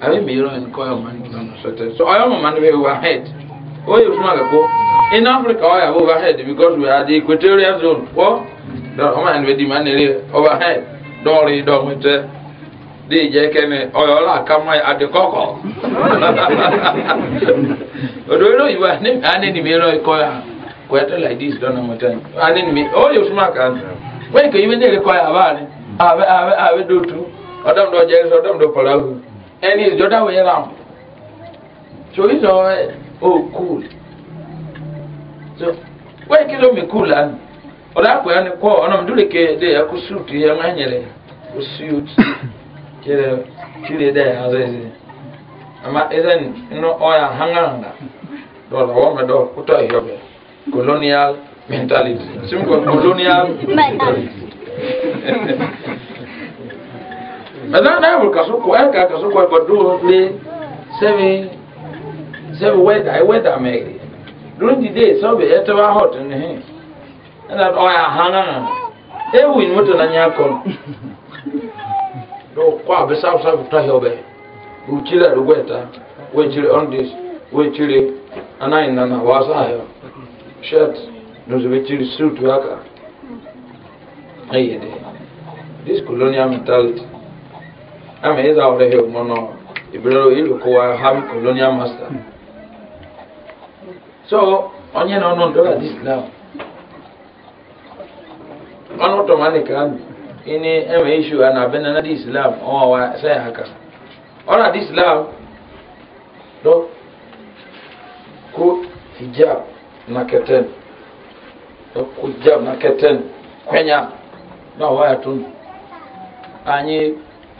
Speaker 1: àbí mìíràn ẹni kọ́ ọ̀yọ̀ máa ń tọ́ sọ́tẹ̀ so ọ̀yọ̀ mọ̀ máa ń wẹ̀ overhead ó yẹ fún àgbẹ̀kọ́ in Africa ọ̀yọ̀ àbọ̀ overhead because we are the equatorial zone wọ́ ọmọ àni dee jẹ kẹmẹ ọyọ ọlá kama adekọkọ odo yẹn oyibo ane ni mi yẹn kọ ya kọ ya like this dọ́nà mọ tán ane ni mi ọ yóò súnmọ́ àkàn wọ́n kò yí mi dèrè kọ ya àbá ni àbẹ àbẹ àbẹ dòtú ọdọ́m dọ̀ jẹ́ sọ ọdọ́m dọ̀ ẹni ìjọba wọ̀ yẹn so yìí sọ ẹ o cool so wọ́n kí ló mi cool lánàá ọ̀dà àpò yẹn ni kọ́ ọ̀nà mi dúró ke ẹ̀ dẹ́ ẹ̀ kó suit yẹn máa ń yẹlẹ̀ kó suit. kere shiri da ya ama zai amma oya hanganga dole wa me do kuto yobe colonial mentality sim colonial mentality na kaso ko e ka kaso ko ko do seven seven i during the day so be eto hot he oya hanganga moto na nyakon kwa abisa abisa fita hiobe uchile rugweta wechile on this wechile anayi nana wasa hayo shirt nusu wechile suit waka ayede this colonial mentality ama iza awre hiyo mono ibirero ilu kuwa ham colonial master so onye na ono ndola this now ọnụ ọtọmanik and ini ɛmɛ isu ana abɛnɛ na di islam ɔn wa sɛ haka ɔna di islam do ko hijab na kɛtɛn do ko hijab na kɛtɛn kɔnya na ɔwa yɛ tun anyi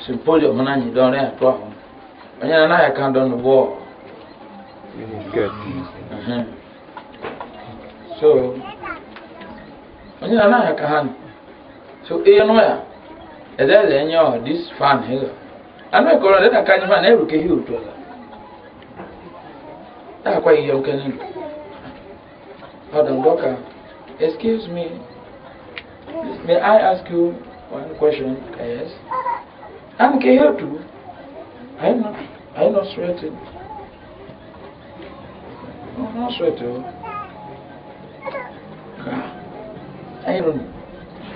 Speaker 1: symposium na nyi dɔn rɛ ato ahɔ ɔnyɛ na yɛ kan dɔn no bɔ so ɔnyɛ na yɛ kan so eya eh, no ya ɛdɛ ɛdɛ ɛnyɛ ɔ dis fan hɛ anu ɛkɔrɔ ɛdɛ naka nyɛ fan ɛwuro kehi otu ɔla ɛyà kɔ yi yɛ ɔkɛ nilu ɔdɔm dɔka excuse me may i ask you one question yes anu kehi otu i no i no sweating no no sweat o ah, ka i don't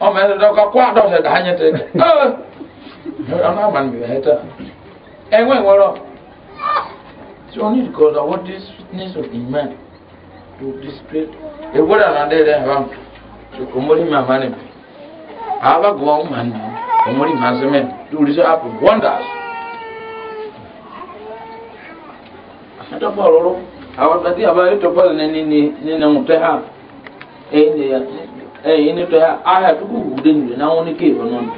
Speaker 1: ọmọ ẹni dọkọ kó àdọsẹ dà ányẹ tẹ ẹ ọmọ àmàlù mi bẹ̀rẹ̀ tẹ ẹwẹ́ ìwọ́rọ̀ tí o ní because of what this witness of in man to display ewúrẹ́ ànádé rẹ̀ ẹ̀ báwọn so man mi àmàlù mi àbàgọ́ ọmọ àná omori mi àsẹ́mẹ̀ to result up wonders. àtọ́fọ̀ ọ̀rọ̀ àwọn àti àbáyé tọ́fọ̀ ní ní ní ní ní mùtẹ́ hà ẹ̀yìn lè yàtí. ɛyɛ ne tɔ ahɛ to ko wu de na wɔn ne kee hɔ nom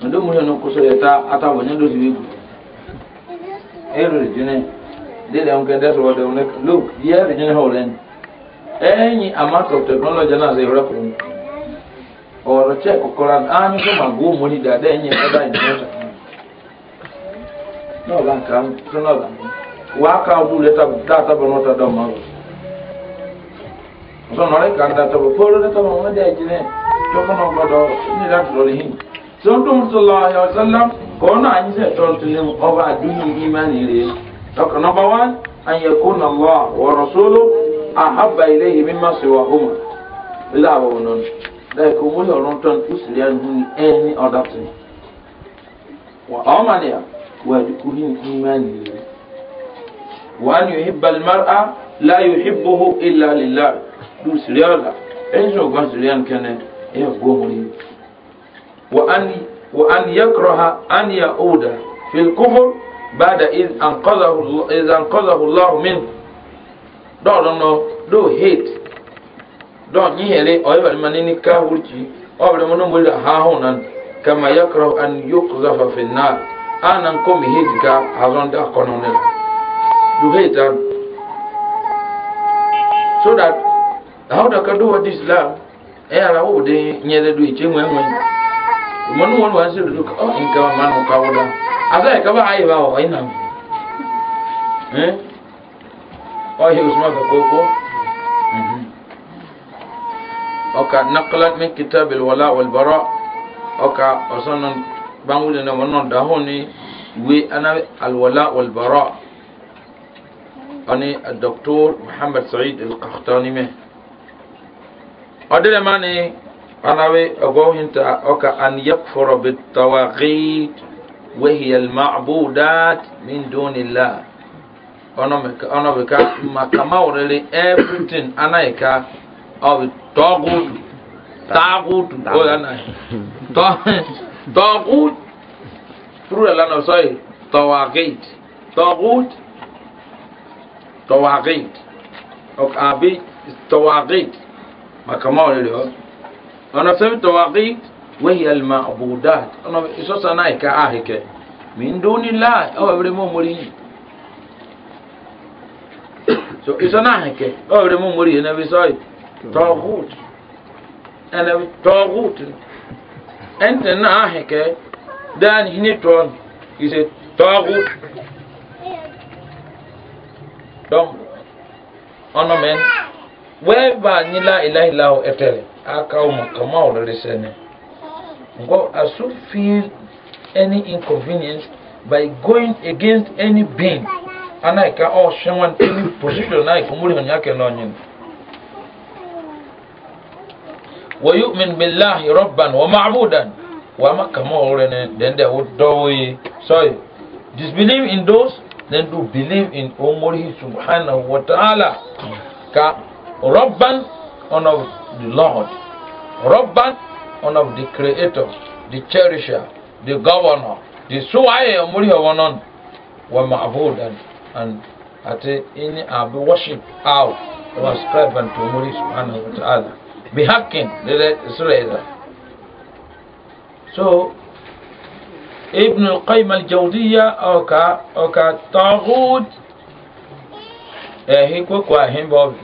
Speaker 1: na do mu hɛ no yɛ ta ata wɔ nyɛ do si egu ɛyɛ de gyina de dɛm kɛ dɛ sɔrɔ dɛm ne look yɛ ɛyɛ amount of technology na kyɛ kɔkɔra ma go da dɛ ɛda w'aka data bɔ n'ɔta so no like and that to follow that to mo de jine to ko no godo ni that do hin so dum sallallahu alaihi wasallam ko na anyi se to to ni o ba du ni iman ire to ko number 1 an yakuna allah wa rasuluhu ahabba ilayhi mimma siwahuma ila wa nun da ko mo yo ron ton usrian hu any other thing du siriyala ɛyìn sɔ gba siriyan kɛnɛ ɛyà gbɔmuli wa ani wa ani yakuraha ani ya owda fil kufur baada iz anqadahu iz anqadahu allahu min dɔw dɔn nɔ Do hate dɔw nyi hɛrɛ ɔyɛ bɛ ma nini kahuri ci ɔyɛ bɛ ma nɔmɔli la haahu nan kama yakurahu an yukuzafa fi naar anan komi hate ka hazɔn da kɔnɔ ne la du hate an so that ahodo kado wa islam e ara wo de nyere do iche nwe nwe mo no wonu anse do ka o oh, nka ma no ka woda aza e ka ba ayi ba o ina eh o he usma ka koko oka mhm. naqlat min kitab al wala wal bara oka osonon bangule na wonon da honi we ana al wala wal bara ani الدكتور محمد سعيد القحطاني مه ọdịrị mmanị anawe ogohinta ọka an yakfuru bitawaqit wehi almabudat min dunillah ọnọ bika maka mawuriri everything anaghịka ọbụ tọgudu tọgudu oyi anaghị tọgudu furu ala na sọyị tọwaqit tọgudu tọwaqit ọka abi tọwaqit maka maulidi o ona fem tawaqit wa hiya al ma'budat ona iso e sana ka ahike min dunillah o bre mo mori so iso e na ahike o bre mo mori e na bi so tawgut ana tawgut ente na ahike dan hiniton ise tawgut donc onomen wɛɛba ni la ilaha illahu ɛtɛlɛ aka wo ma kama wo sɛnɛ nkɔ aso feel any inconvenience by going against any being ana ɛka ɔhwɛ oh, wan any position na ɛka mo ri hɔn yakɛ na ɔnyin wɔyumin bilahi rɔban wɔ maabudan wɔ ama kama wo lori ne den dɔwɔ ye sorry disbelieve in those then do believe in omori subhanahu wa ta'ala ka. Rabban, one of the Lord. Rabban, one of the Creator, the Cherisher, the Governor, the Suwaye Omuri Owanon, were Ma'bud and, and at any Abu worship out was ascribed to Omuri Subhanahu wa Ta'ala. Bihakin, the Israel. So, ابن القيم الجوزية أو كا Oka كا طاغوت eh, he كوكو أهين بوبي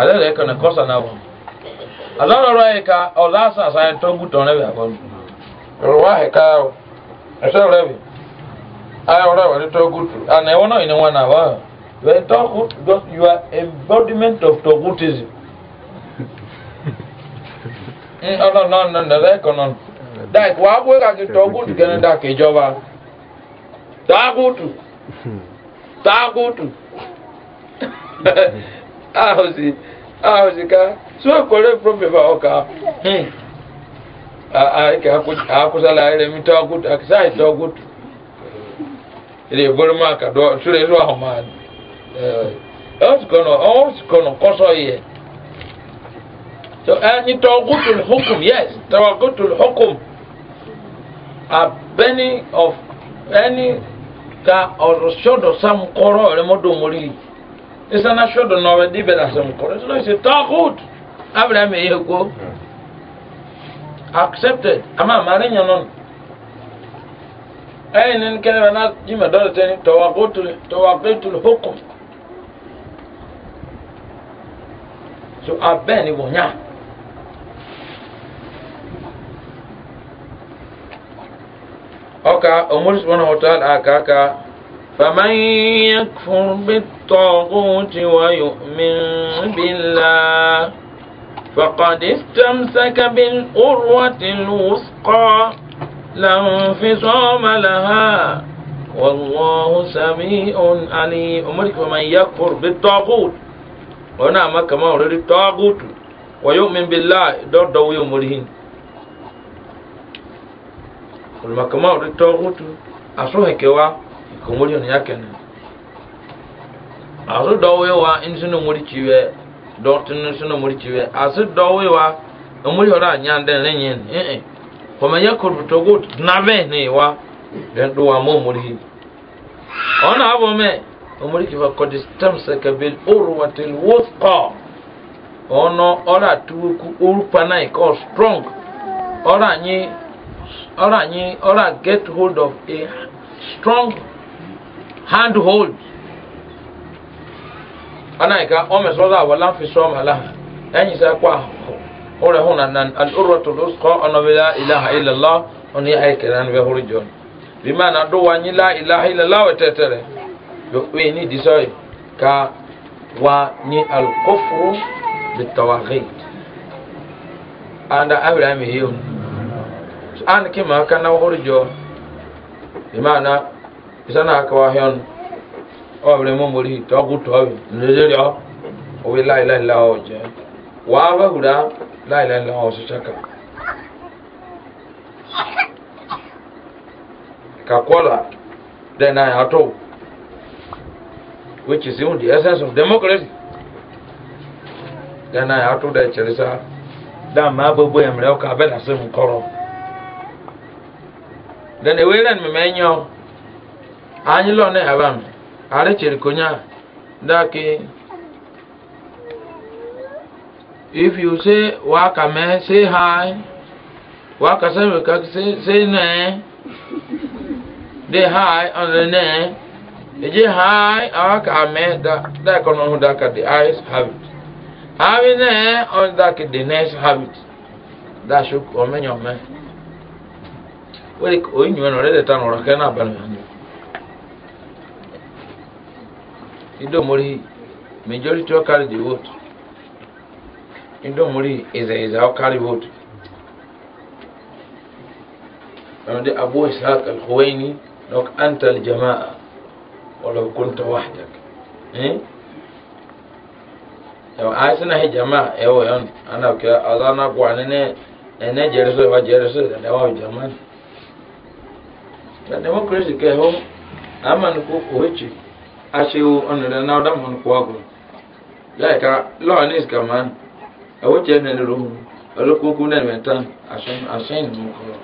Speaker 1: alẹ́rẹ̀ ẹ̀kọ́ ní kọ́sà náà wọ̀ azọ́rọ̀rọ̀ ẹ̀ka ọ̀dà àṣà àṣàyàn tó ń bú tán lẹ́bi àkọ́nù rọwà ẹ̀ka ẹ̀ṣẹ́ rẹ̀bi ayé ọ̀rọ̀ ìwà tó gùtù àná ẹ̀wọ̀n náà ìní wọn náà wọ́n wẹ́n tó just you are embodiment of togutism ọ̀nà náà nà nà ẹ̀kọ́ náà dáìkì wàá bóyá kàkí tọ́gùtù kẹ́ni dáìkì ìjọba tọ́gùtù tọ́gùtù. ahosi ahosi ka so kore problem oka hmm a ke akusa la ire mi to good akisa to good ile borma ka do sure ro ahoma eh e os kono e os kono koso ye so ani e tawqutul hukm yes tawqutul hukm a penny of any ka or shodo sam koro re modo mori isana shodo nowe dibe da sam kore so is tagut abraham go e accepted ama marinya non ay nen kene na jima dole tani tawaqutul tawaqitul hukm so abeni wonya oka omur subhanahu wa ta'ala aka aka فمن يكفر بالطاغوت ويؤمن بالله فقد استمسك بالقروة الوثقى لا انفصام لها والله سميع عليم أمرك فمن يكفر بالطاغوت وانا ما كما أريد الطاغوت ويؤمن بالله دور دو يومرهن ولما كما أريد الطاغوت أصوه كوا komori on yakene asu dowewa in sunu muri chiwe dotun sunu muri chiwe asu dowewa omuri hora nyande nenyen eh eh komanya kurbutogo nabe wa den duwa mo muri ona ọ omuri kifa kodistamsaka bil urwatil wuthqa ono ora tuku urpa nai ko strong hand hold anaika ome soza wala fi som ala enyi sa kwa ore hona nan al urwatul usqa ana bila ilaha illa allah oni ay kenan be hori jon bi mana do wanyi la ilaha illa allah we tetere yo we ni disoy ka wa ni al kufru bit tawaghid anda abraham hiyo an kima kana hori jon bi mana isana akawa hion ọbẹrẹ mọ mọri tọọkù tọọbi nlẹsẹrẹ ọ òwe láìláìlá ọ jẹ wàá bá wùdá láìláìlá ọ sọ ṣaka kakọla dẹ náà yà tó which is even the essence of democracy dẹ náà yà tó dẹ kyerẹ sá dá mmaa gbogbo ẹmẹrẹ ọkọ abẹ náà sẹ anyị lọ na-aba m arị chere konya daki if you say waka me say hi waka say me ka say say ne de hi on the ne eje hi waka me da da kono hu da ka the eyes have it have it ne on da ka the next have it da shuk o me nyo me wele o nyo no re de tan ora ka na ba no indomori majority all carry the vote indomori eza eza all carry vote Abu أبو al الخويني لك anta الجماعة hmm? Jamaa, كنت وحدك إيه؟ yau a suna hi jama'a Ewo yon. ana ke ala na gwani ane ne ne jere so wa jere so da dawa jama'a da democracy ke ho aman ko ko ci ahyɛwo ɔno dɛ na ɔdam hɔn kɔɔ agom yɛa ka lɔɔ ne sikama ɛwɔ kyerɛ ne ne rohu ɛlɔ kunkun ne ne ta ahyɛn ahyɛn ne mu kɔɔ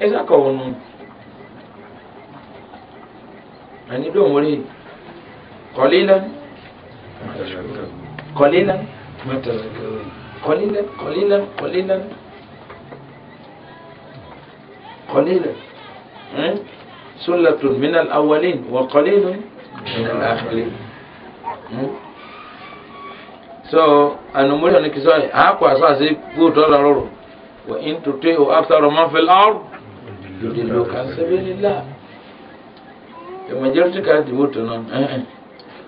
Speaker 1: ɛsɛ aka wɔn no ani dɔn wɔre kɔlila kɔlila kɔlila kɔlila kɔlila kɔlila hmm? sulatun minal awalin wa kɔlila. so anumuri ni kisoi hapo asasi puto la ruru wa in tutiu akthara man fil ard yudilluka an sabilillah e majority ka di vote non eh, eh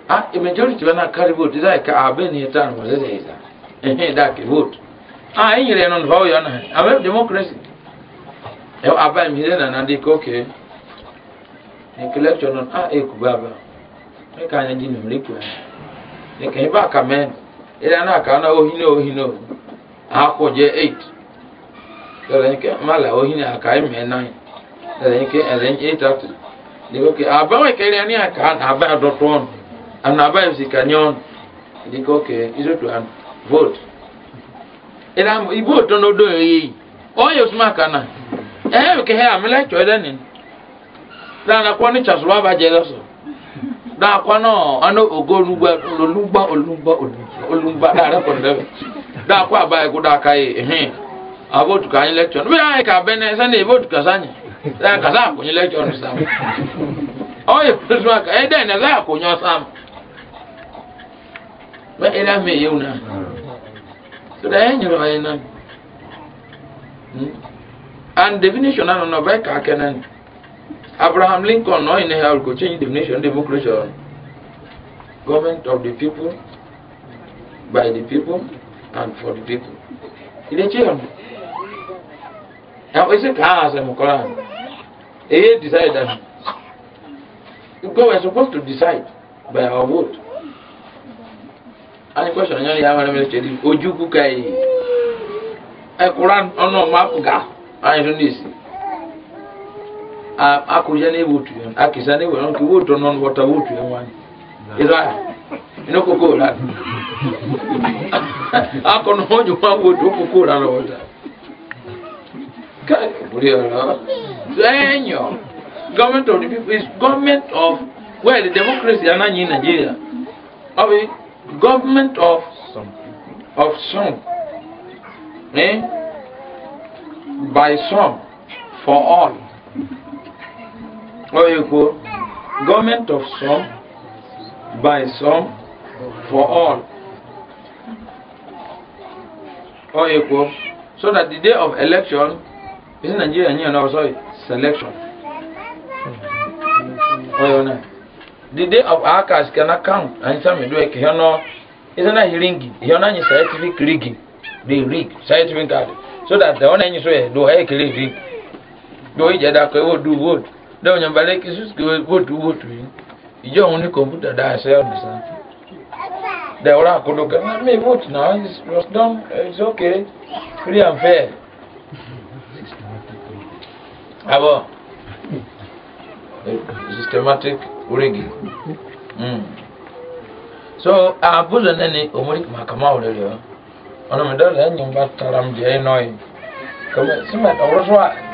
Speaker 1: ah e majority wana kari vote dai ka abeni tan wazeze hiza eh da eh, eh, ki vote ah yire non ho yana abe democracy e abai mi na ndiko ke ni collection non ah e kubaba ka anya dị n'ụlọ ikwu ya ka ebe a ka mee ịra na aka na ohi na ohi na ohi akwụ je 8 dara nke mala ohi na aka ime 9 dara nke erenye 8 atụ dịka oke abanwe ka ịra na aka na aba adọtụ ọnụ ana aba ezi ka nye ọnụ dịka oke izotu anụ vote ịra igbo otu n'odo eyi onye osumaka na ehe nke ha amịla chọọ ede nị dara na kwọ n'ịchasụrụ aba jee lọsọ daakɔnɔ ɔno ogo olugba olugba olugba olugba daara dakwa dɛ daakɔ aba yi ko daaka yi anyị abo tuka anyi lɛ tiɔn bi ayi ka bɛnɛ sani ebo tuka sani ɛɛ kasa akonyi lɛ tiɔn sam ɔye kurisima ka ɛdɛ nɛ sɛ akonyɔ sam mɛ ɛlɛ mi yewu na sɔdɔ ɛyɛ nyere ɔyɛ na and definition na nɔ bɛ kaa na Abraham Lincoln no in hell could change the nation democracy government of the people by the people and for the people ilé tí yẹn àwọn ẹsẹ kàá àṣẹ mọkànlá èyí decide that because we are supposed to decide by our vote any question yẹn yà wọn ẹmẹrẹ ṣẹlẹ ojú kúkà yìí ẹkùnrán ọ̀nà ọmọ àpùgà ayé akuja ne butu akisa ne won ki butu non wata butu yon wan ira ino kukura ako no hoju wa butu kukura ro wata kai buri ro zenyo government of the people is government of well the democracy ananyi in Nigeria abi government of some of some eh by some for all oyeko government of some by some for all oyeko so that the day of election is nigeria yẹn náà sorry selection oyona the day of akas kana count ansami do eke hẹn isana hiringi hẹn náà yẹn scientific rigging they rig scientific card so that the one yẹn so yẹ do ẹ rigging. rig do ijẹ dakọ ewo do vote dɔw nyɛ balɛ kisi sike votu votu yi ìjọ òun ní kọ̀mpútà dá ẹsẹ̀ ọ̀dùn sàn dẹ̀wọ́rọ̀ àkọ́dọ̀ kẹ́ mi vote now it's just done it's okay free and fair abọ́ systematic origi mm. so àbúzọ̀ náà ni òmùrí màkàmá ọ̀rẹ́ rẹ̀ ọ́ ọ̀nà mi dọ́là ẹ̀ ń yẹn bá tara mi jẹ́ ẹ̀ náà yìí kọ́mẹ́ símẹ̀ ọ̀rọ̀ sọ́wọ́.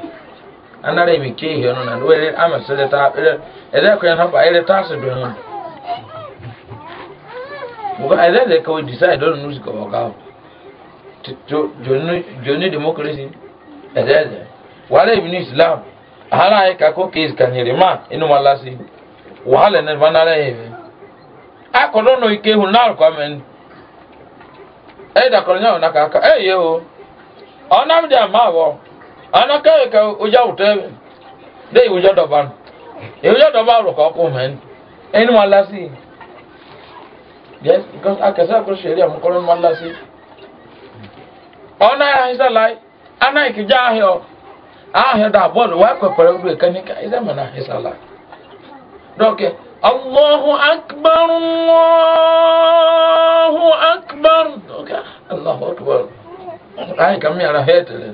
Speaker 1: anara mi ke ihe no na wele ama sele ta ele ele ko na ba ele ta so do no muga ele de ko decide on news ko ga to joni joni democracy ele ele wala ibn islam hala e ka ko case kan ni ma inu si. wala ne banara e akọrọ no ike hu na ko men e da ko nya na ka ka e ye o onam de ma wo ana kae ka uja utebe de uja doban e uja doban ro ka ko men en malasi yes because akasa ko sheria mo kolon malasi ona ya isa lai ana ja ahio ahio da bod wa ko pere du kanika isa mana hisa lai doke
Speaker 2: Allahu akbar Allahu akbar doke
Speaker 1: Allahu akbar ai kamia ra hetele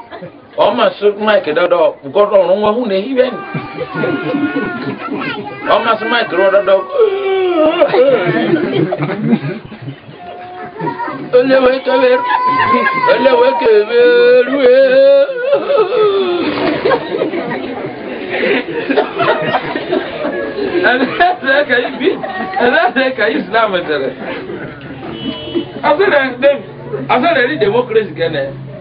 Speaker 1: ma sọ maịkị dọdọ gọdọ nwa hụ na ehibe
Speaker 2: ọma sọ maịkị rọ dọdọ olewe kebe olewe kebe rue
Speaker 1: ẹlẹ́sẹ̀ ka islam tẹ̀lé na ẹ̀rí democracy kẹ́nẹ̀.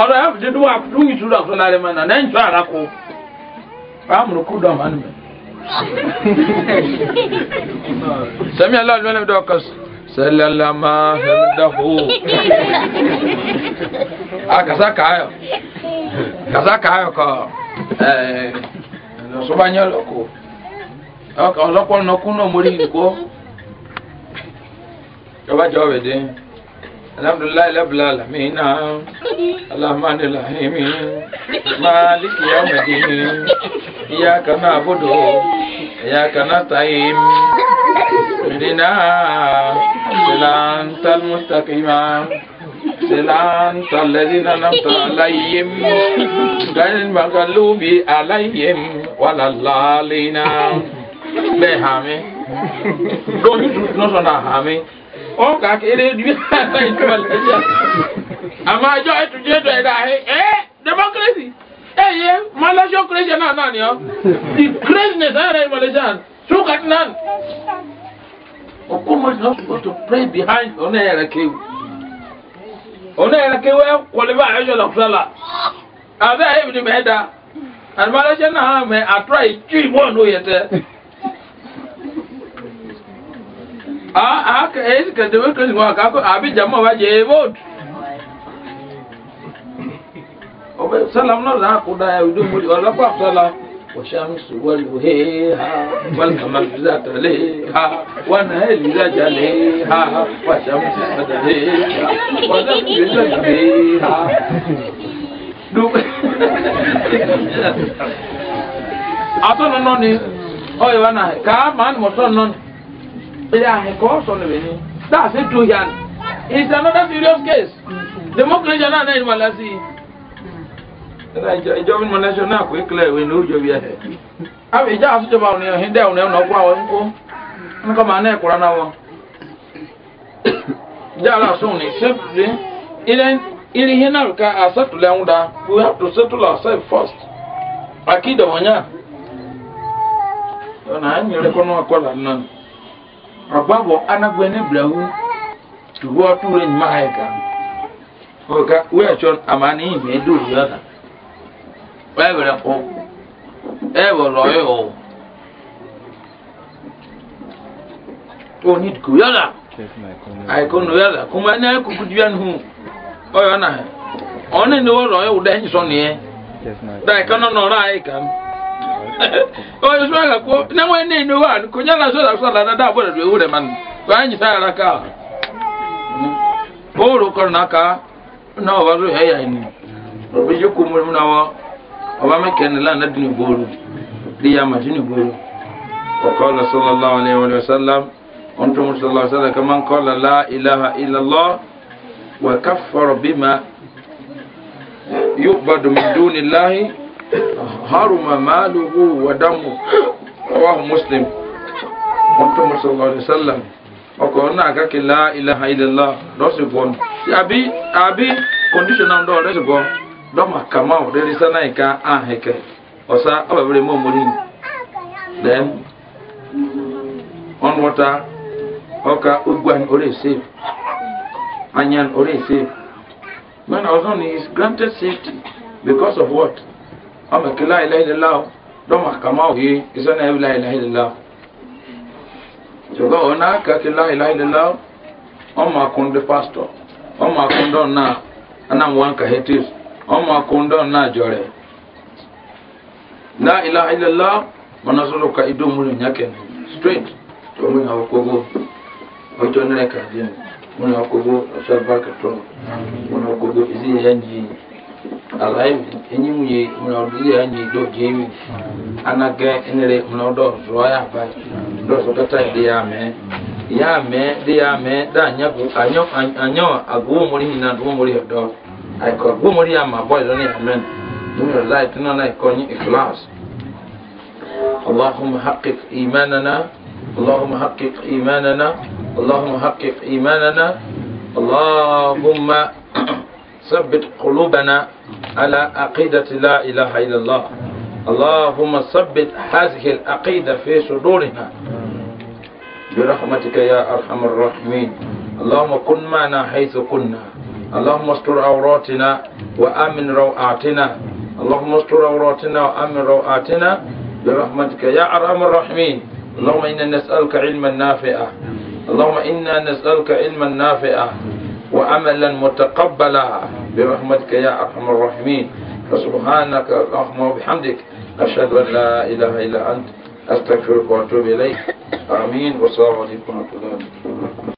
Speaker 1: ọ̀rọ̀ ẹ̀ fi dídú wa fún ìṣúra ọ̀tún lára mẹ́ta náà ń jọ ara kó fáàmù kú dọ̀ mánu mẹ́. sẹ́mi ẹ̀ lọ́dún mẹ́lẹ́mí dọ̀ kọ́sù sẹ́lẹ̀lámà hẹ́mídàhó
Speaker 2: a kàsá kàáyọ̀ kàsá
Speaker 1: kàáyọ̀ kọ́ ẹ̀ sọ́bàáyọ̀ lọ́kọ́ ọlọ́pọ̀ nọkú náà mórí nìkó yọba jọ ọ̀bẹ̀dẹ́. الحمد لله رب العالمين الرحمن الرحيم مالك يوم الدين إياك نعبد
Speaker 2: وإياك
Speaker 1: نستعين اهدنا صراط المستقيم صراط الذين أنعمت عليهم غير المغلوب عليهم ولا الضالين بهامي دوني دوت نوصنا هامي o ka kere ni ala itumalaja
Speaker 2: ama ajo etuje to
Speaker 1: ida he eh democracy eh ye malaysia crazy na na ni o the craziness are malaysian so ka nan okuma is not supposed to pray behind ona era kewu ona era kewu kwaliba ajo la e abe ibn mehda and malaysia na me try chi mo no yete Ah, ah, esse que deu que não acabou, abi jama vai je vote. Obe salam no ra ko da yudu e, muri wala ko sala wa shamsu wal buhiha wal qamar zat alayha wa nahli zajaliha wa shamsu sadaliha wa nahli zajaliha. Du. Ato *laughs* no no ni. Oye wana ka man mo so no ni. Yeah, on the That's it to him. It's another serious case. Democracy is not in Malaysia. Ìjọba ní Malaysia náà kò kílẹ̀ ìwé ní ojú bí Àbí ìjà àtúntò ní ọ̀hìn dẹ̀ ọ̀nà ọ̀nà ọ̀pọ̀ àwọn ńkọ́. Nǹkan máa náà kúrò náà wọ̀. Ìjà aláṣọ ní ṣébùdé. Ilé ihe náà ká àṣẹ́tùlẹ̀ ń da. We have to settle ourselves first. Àkídọ̀ wọ̀nyá. Ọ̀nà rakwabo anagwene blahu tuwa ture nyuma haika oka we achon amani ime du yada webere ko ewo loyo e o o need ku yada aikonu yada kuma ne ku kudian hu oyo na he ọrụ ni wo loyo e udenyi so ne dai kana no ra aikam e oyo swala ko na mwene ni wan ko nyala swala swala na da bora ure man wanyi sara ka oro mm. ko na ka na wa ru heya ni bi yuku mu na wa wa me ken la na dinu boru di ya Bolo. O wa qala sallallahu alaihi wa sallam antum sallallahu alaihi wa sallam kaman qala la ilaha illa allah wa kaffara bima yu'badu min dunillahi haruma maluhu wa damu rawahu muslim wọ́ntọ́ mọ́sọ̀lọ́rọ̀ sálàm ọkọ̀ ọ̀nà àkàkì la ilaha illallah lọ́sibọ́n àbí àbí kọ́ndíṣọ̀nà ọ̀dọ́ ọ̀rẹ́sibọ́n dọ́mà kàmáwò rẹ́rẹ́ sánáìka àhẹ̀kẹ́ ọ̀sá ọ̀bẹ̀rẹ̀ mọ́mọ́rì then on ọka ọkà ogban orí save anyan orí save man ọ̀sán is granted safety because of what. ama ke la ilaha illallah do ma kama o yi isa na la ilaha illallah jogo ona ka ke la ilaha illallah o ma kun de pastor o ma kun do na ana wan ka hetis o ma kun do na jore la ilaha illallah manasoro ka ido mu nyake straight to mu na okogo ojo nere ka din mu na okogo asabaka to mu na okogo izi yanyi alaim enyi nwunye mlọdụli ya nyi do ji emi enyere enere mlọdọ zụọ ya ba
Speaker 2: dọsọ dọta dị
Speaker 1: ya mee ya mee dị ya mee da anya anyọ anyọ na agụwọ ọdọ aikọ agụwọ ya ma bọyị i ya men nínú ọ̀la ìtúná náà ikọ̀ ní ìkìláàsì اللهم حقق إيماننا اللهم حقق إيماننا اللهم حقق ثبت قلوبنا على عقيدة لا إله إلا الله اللهم ثبت هذه العقيدة في صدورنا برحمتك يا أرحم الراحمين اللهم كن معنا حيث كنا اللهم استر عوراتنا وآمن روعاتنا اللهم استر عوراتنا وآمن روعاتنا برحمتك يا أرحم الراحمين اللهم إنا نسألك علما نافعا اللهم إنا نسألك علما نافعا وعملا متقبلا برحمتك يا أرحم الراحمين فسبحانك اللهم وبحمدك
Speaker 2: أشهد أن لا إله إلا أنت أستغفرك وأتوب إليك آمين والسلام عليكم ورحمة الله